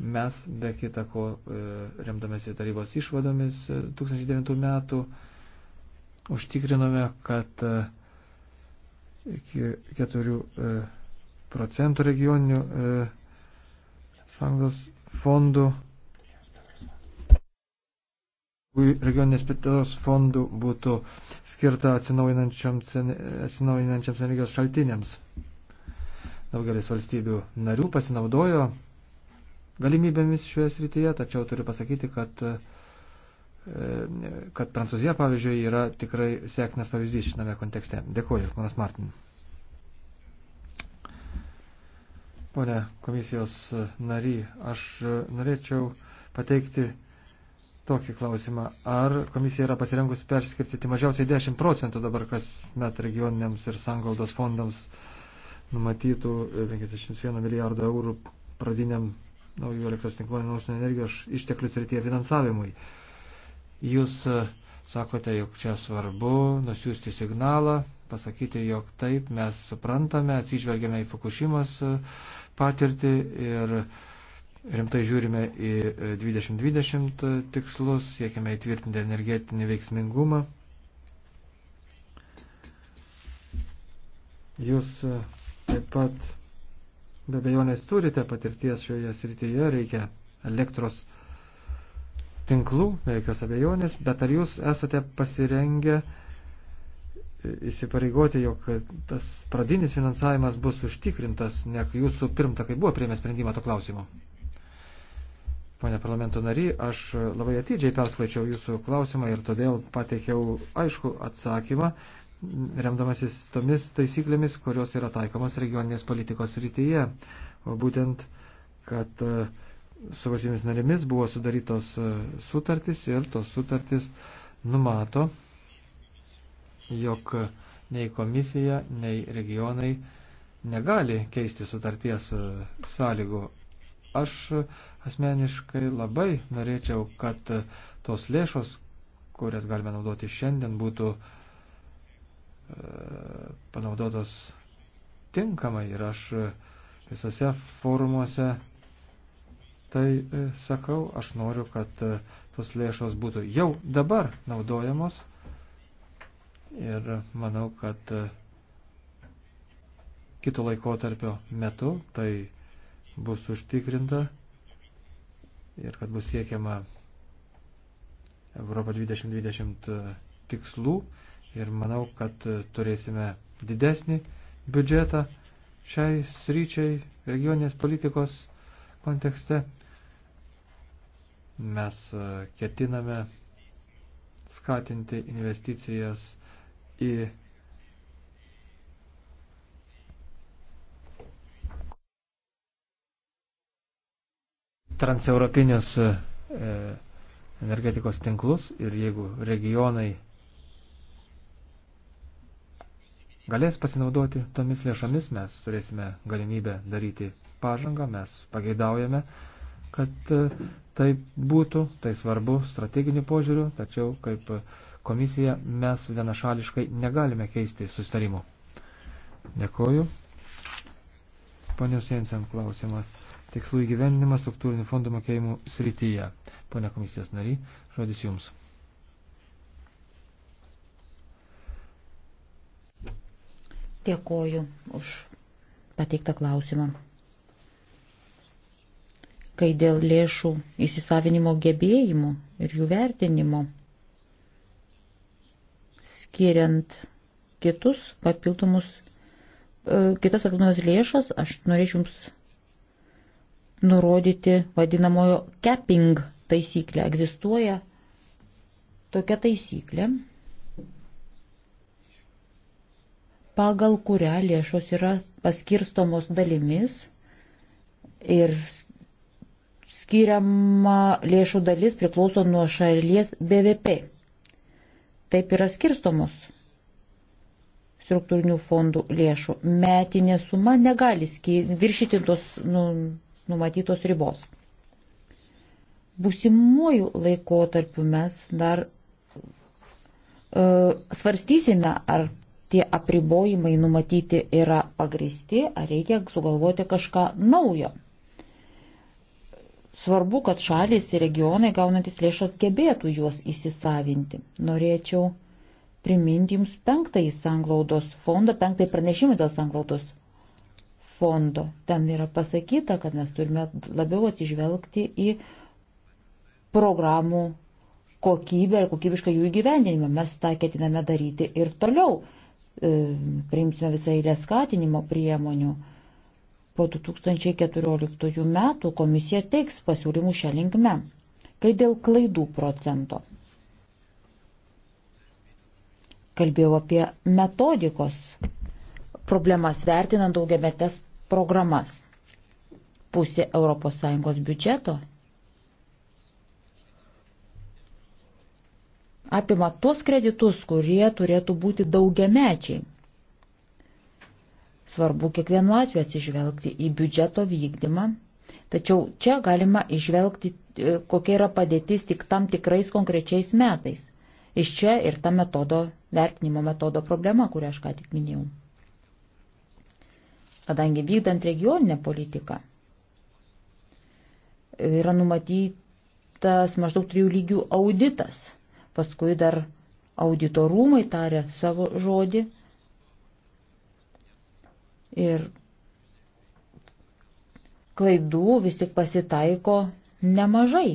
C: mes, be kita ko, e, remdamėsi tarybos išvadomis 2009 metų, užtikrinome, kad iki 4 procentų regioninių sąjungos fondų regioninės plėtros fondų būtų skirta atsinaujinančiams, atsinaujinančiams energijos šaltiniams. Daugelis valstybių narių pasinaudojo galimybėmis šioje srityje, tačiau turiu pasakyti, kad, e, kad Prancūzija, pavyzdžiui, yra tikrai sėkmės pavyzdys šitame kontekste. Dėkuoju, ponas Martin. Pone komisijos nary, aš norėčiau pateikti tokį klausimą. Ar komisija yra pasirengus perskirtyti mažiausiai 10 procentų dabar kas met regioniniams ir sangaldos fondams numatytų 51 milijardo eurų pradiniam naujų elektros tinklo nuošinio energijos išteklių srityje finansavimui. Jūs e, sakote, jog čia svarbu nusiųsti signalą, pasakyti, jog taip, mes suprantame, atsižvelgiame į Fukushimas e, patirtį ir uh, Rimtai žiūrime į 2020 e, tikslus, siekime įtvirtinti energetinį veiksmingumą. Jūs e, taip pat be bejonės turite patirties šioje srityje, reikia elektros tinklų, be jokios abejonės, bet ar jūs esate pasirengę e, įsipareigoti, jog tas pradinis finansavimas bus užtikrintas, ne jūsų pirmtakai buvo prieimę sprendimą to klausimu? Pone parlamento nary, aš labai atidžiai perskaičiau jūsų klausimą ir todėl pateikiau aišku atsakymą, remdamasis tomis taisyklėmis, kurios yra taikomas regioninės politikos rytyje. O būtent, kad e, su valstybėmis narėmis buvo sudarytos e, sutartys ir tos sutartys numato, jog nei komisija, nei regionai negali keisti sutarties e, sąlygų Aš asmeniškai labai norėčiau, kad tos lėšos, kurias galime naudoti šiandien, būtų e, panaudotos tinkamai ir aš e, visose forumuose tai e, sakau, aš noriu, kad e, tos lėšos būtų jau dabar naudojamos ir manau, kad e, kito laiko tarpio metu tai bus užtikrinta ir kad bus siekiama Europą 2020 e, tikslų ir manau, kad e, turėsime didesnį biudžetą šiai sryčiai regioninės politikos kontekste. Mes e, ketiname skatinti investicijas į transeuropinius e, energetikos tinklus ir jeigu regionai galės pasinaudoti tomis lėšomis, mes turėsime galimybę daryti pažangą, mes pageidaujame, kad e, tai būtų, tai svarbu strateginiu požiūriu, tačiau kaip komisija mes vienašališkai negalime keisti sustarimų. Dėkoju. Ponios Jensen klausimas tikslų įgyvendinimas struktūrinių fondų mokėjimų srityje. Pone komisijos nariai, žodis jums.
B: Dėkoju už pateiktą klausimą. Kai dėl lėšų įsisavinimo gebėjimų ir jų vertinimo, skiriant kitus papildomus, e, kitas papildomas lėšas, aš norėčiau jums nurodyti vadinamojo capping taisyklę. Egzistuoja tokia taisyklė, pagal kurią lėšos yra paskirstomos dalimis ir skiriama lėšų dalis priklauso nuo šalies BVP. Taip yra skirstomos struktūrinių fondų lėšų. Metinė suma negali viršyti tos nu, numatytos ribos. Būsimuoju laikotarpiu mes dar uh, svarstysime, ar tie apribojimai numatyti yra pagristi, ar reikia sugalvoti kažką naujo. Svarbu, kad šalis ir regionai gaunantis lėšas gebėtų juos įsisavinti. Norėčiau priminti Jums penktąjį sanglaudos fondą, penktąjį pranešimą dėl sanglaudos fondo. Ten yra pasakyta, kad mes turime labiau atsižvelgti į programų kokybę ir kokybišką jų įgyvendinimą. Mes tą ketiname daryti ir toliau. E, priimsime visą eilę skatinimo priemonių. Po 2014 metų komisija teiks pasiūlymų šią linkmę. Kai dėl klaidų procento. Kalbėjau apie metodikos problemas vertinant daugiametes programas. Pusė ES biudžeto apima tuos kreditus, kurie turėtų būti daugiamečiai. Svarbu kiekvienu atveju atsižvelgti į biudžeto vykdymą, tačiau čia galima išvelgti, e, kokia yra padėtis tik tam tikrais konkrečiais metais. Iš čia ir ta metodo, vertinimo metodo problema, kurią aš ką tik minėjau kadangi vykdant regioninę politiką yra numatytas maždaug trijų lygių auditas, paskui dar auditorumai tarė savo žodį ir klaidų vis tik pasitaiko nemažai.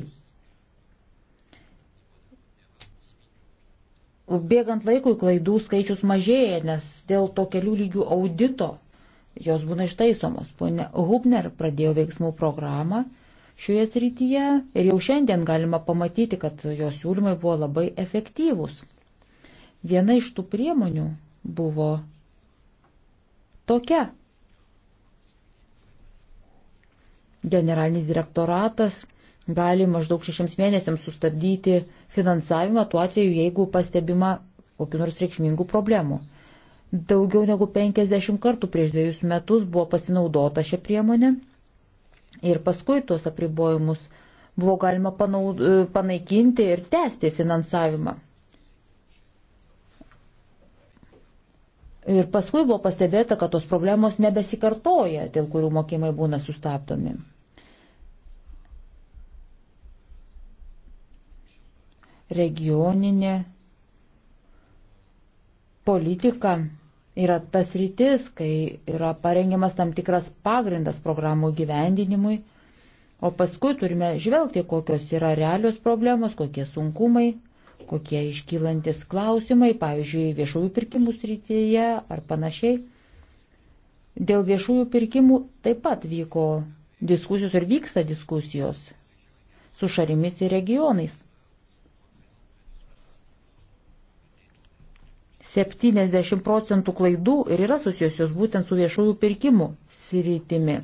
B: Bėgant laikui klaidų skaičius mažėja, nes dėl to kelių lygių audito jos būna ištaisomos. Pone Hubner pradėjo veiksmų programą šioje srityje ir jau šiandien galima pamatyti, kad jos siūlymai buvo labai efektyvūs. Viena iš tų priemonių buvo tokia. Generalinis direktoratas gali maždaug šešiams mėnesiams sustabdyti finansavimą tuo atveju, jeigu pastebima kokiu nors reikšmingų problemų. Daugiau negu 50 kartų prieš dviejus metus buvo pasinaudota šią priemonę ir paskui tuos apribojimus buvo galima panaud, panaikinti ir tęsti finansavimą. Ir paskui buvo pastebėta, kad tos problemos nebesikartoja, dėl kurių mokymai būna sustabdomi. Regioninė politika yra tas rytis, kai yra parengiamas tam tikras pagrindas programų gyvendinimui, o paskui turime žvelgti, kokios yra realios problemos, kokie sunkumai, kokie iškylantis klausimai, pavyzdžiui, viešųjų pirkimų srityje ar panašiai. Dėl viešųjų pirkimų taip pat vyko diskusijos ir vyksta diskusijos su šarimis ir regionais. 70 procentų klaidų ir yra susijusios būtent su viešųjų pirkimų sritimi.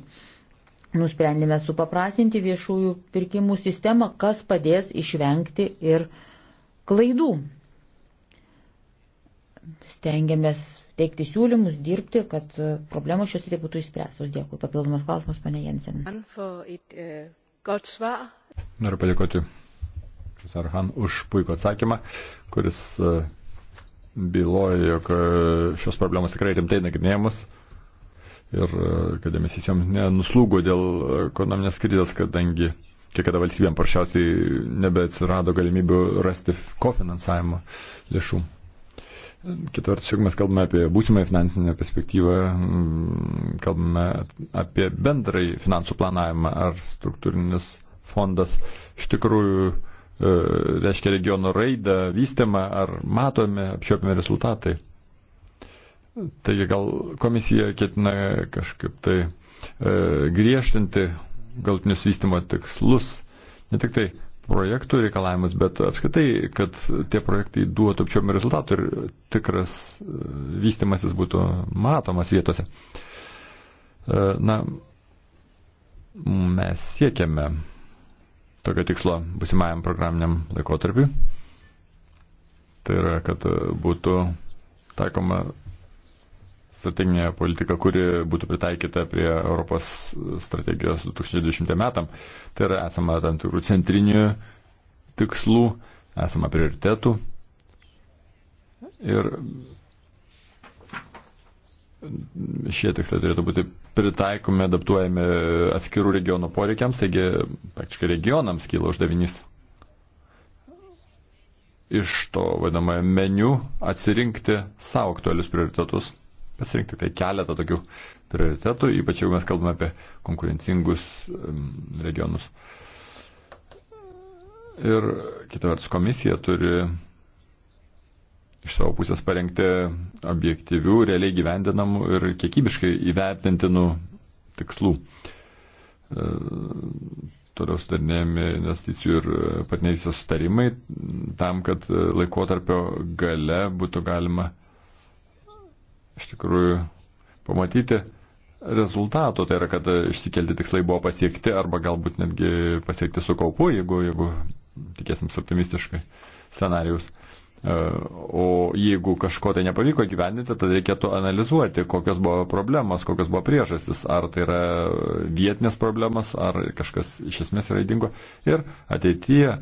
B: Nusprendėme supaprasinti viešųjų pirkimų sistemą, kas padės išvengti ir klaidų. Stengiamės teikti siūlymus, dirbti, kad problemos šios rytį būtų išspręstos. Dėkui. Papildomas klausimas, pane Jensen.
A: Noriu padėkoti Sarhan už puikų atsakymą, kuris uh, byloja, jog e, šios problemos tikrai rimtai nagrinėjamos ir e, kad dėmesys jom nenuslūgo dėl ekonominės krizės, kadangi kiekviena valstybėm paprasčiausiai nebeatsirado galimybių rasti kofinansavimo lėšų. Kita vertus, jeigu mes kalbame apie būsimą finansinę perspektyvą, mm, kalbame apie bendrai finansų planavimą ar struktūrinis fondas iš tikrųjų E, reiškia regiono raidą, vystimą, ar matome apčiopiami rezultatai. Taigi gal komisija ketina kažkaip tai e, griežtinti galtinius vystimo tikslus, ne tik tai projektų reikalavimus, bet apskritai, kad tie projektai duotų apčiopiamų rezultatų ir tikras e, vystimasis būtų matomas vietose. E, na, mes siekiame tokio tikslo busimajam programiniam laikotarpiu. Tai yra, kad e, būtų taikoma strateginė politika, kuri būtų pritaikyta prie Europos strategijos 2020 metam. Tai yra esama tam tikrų centrinių tikslų, esama prioritetų. Ir šie tikslai turėtų būti pritaikome, adaptuojame atskirų regionų poreikiams, taigi praktiškai regionams kyla uždavinys iš to vadinamojo meniu atsirinkti savo aktualius prioritetus, pasirinkti tai keletą tokių prioritetų, ypač jeigu mes kalbame apie konkurencingus regionus. Ir kita vertus, komisija turi iš savo pusės parengti objektyvių, realiai gyvendinamų ir kiekybiškai įvertintinų tikslų. E, toliau sudarinėjami investicijų ir partnerystės sutarimai tam, kad laikotarpio gale būtų galima iš tikrųjų pamatyti rezultato, tai yra, kad išsikelti tikslai buvo pasiekti arba galbūt netgi pasiekti su kaupu, jeigu, jeigu tikėsim optimistiškai scenarius. Uh, E, o jeigu kažko tai nepavyko gyvendinti, tada reikėtų analizuoti, kokios buvo problemos, kokios buvo priežastis, ar tai yra vietinės problemas, ar kažkas iš esmės yra įdingo. Ir ateityje e,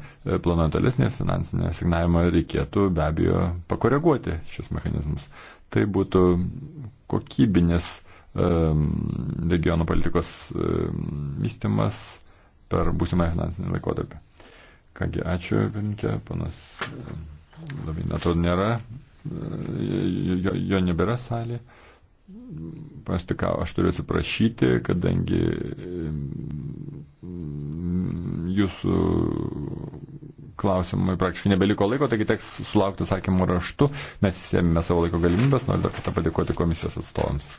A: planuojant tolesnį finansinį signavimą reikėtų be abejo pakoreguoti šis mechanizmus. Tai būtų kokybinis e, regionų politikos vystimas per būsimą finansinį laikotarpį. Kągi, ačiū, Vinkė, panas labai atrodo nėra, jo, jo nebėra salėje. Pastikau, aš turiu atsiprašyti, kadangi mm, jūsų klausimai praktiškai nebeliko laiko, taigi teks sulaukti atsakymų raštu. Mes įsėmėme savo laiko galimybės, noriu dar kartą padėkoti komisijos atstovams.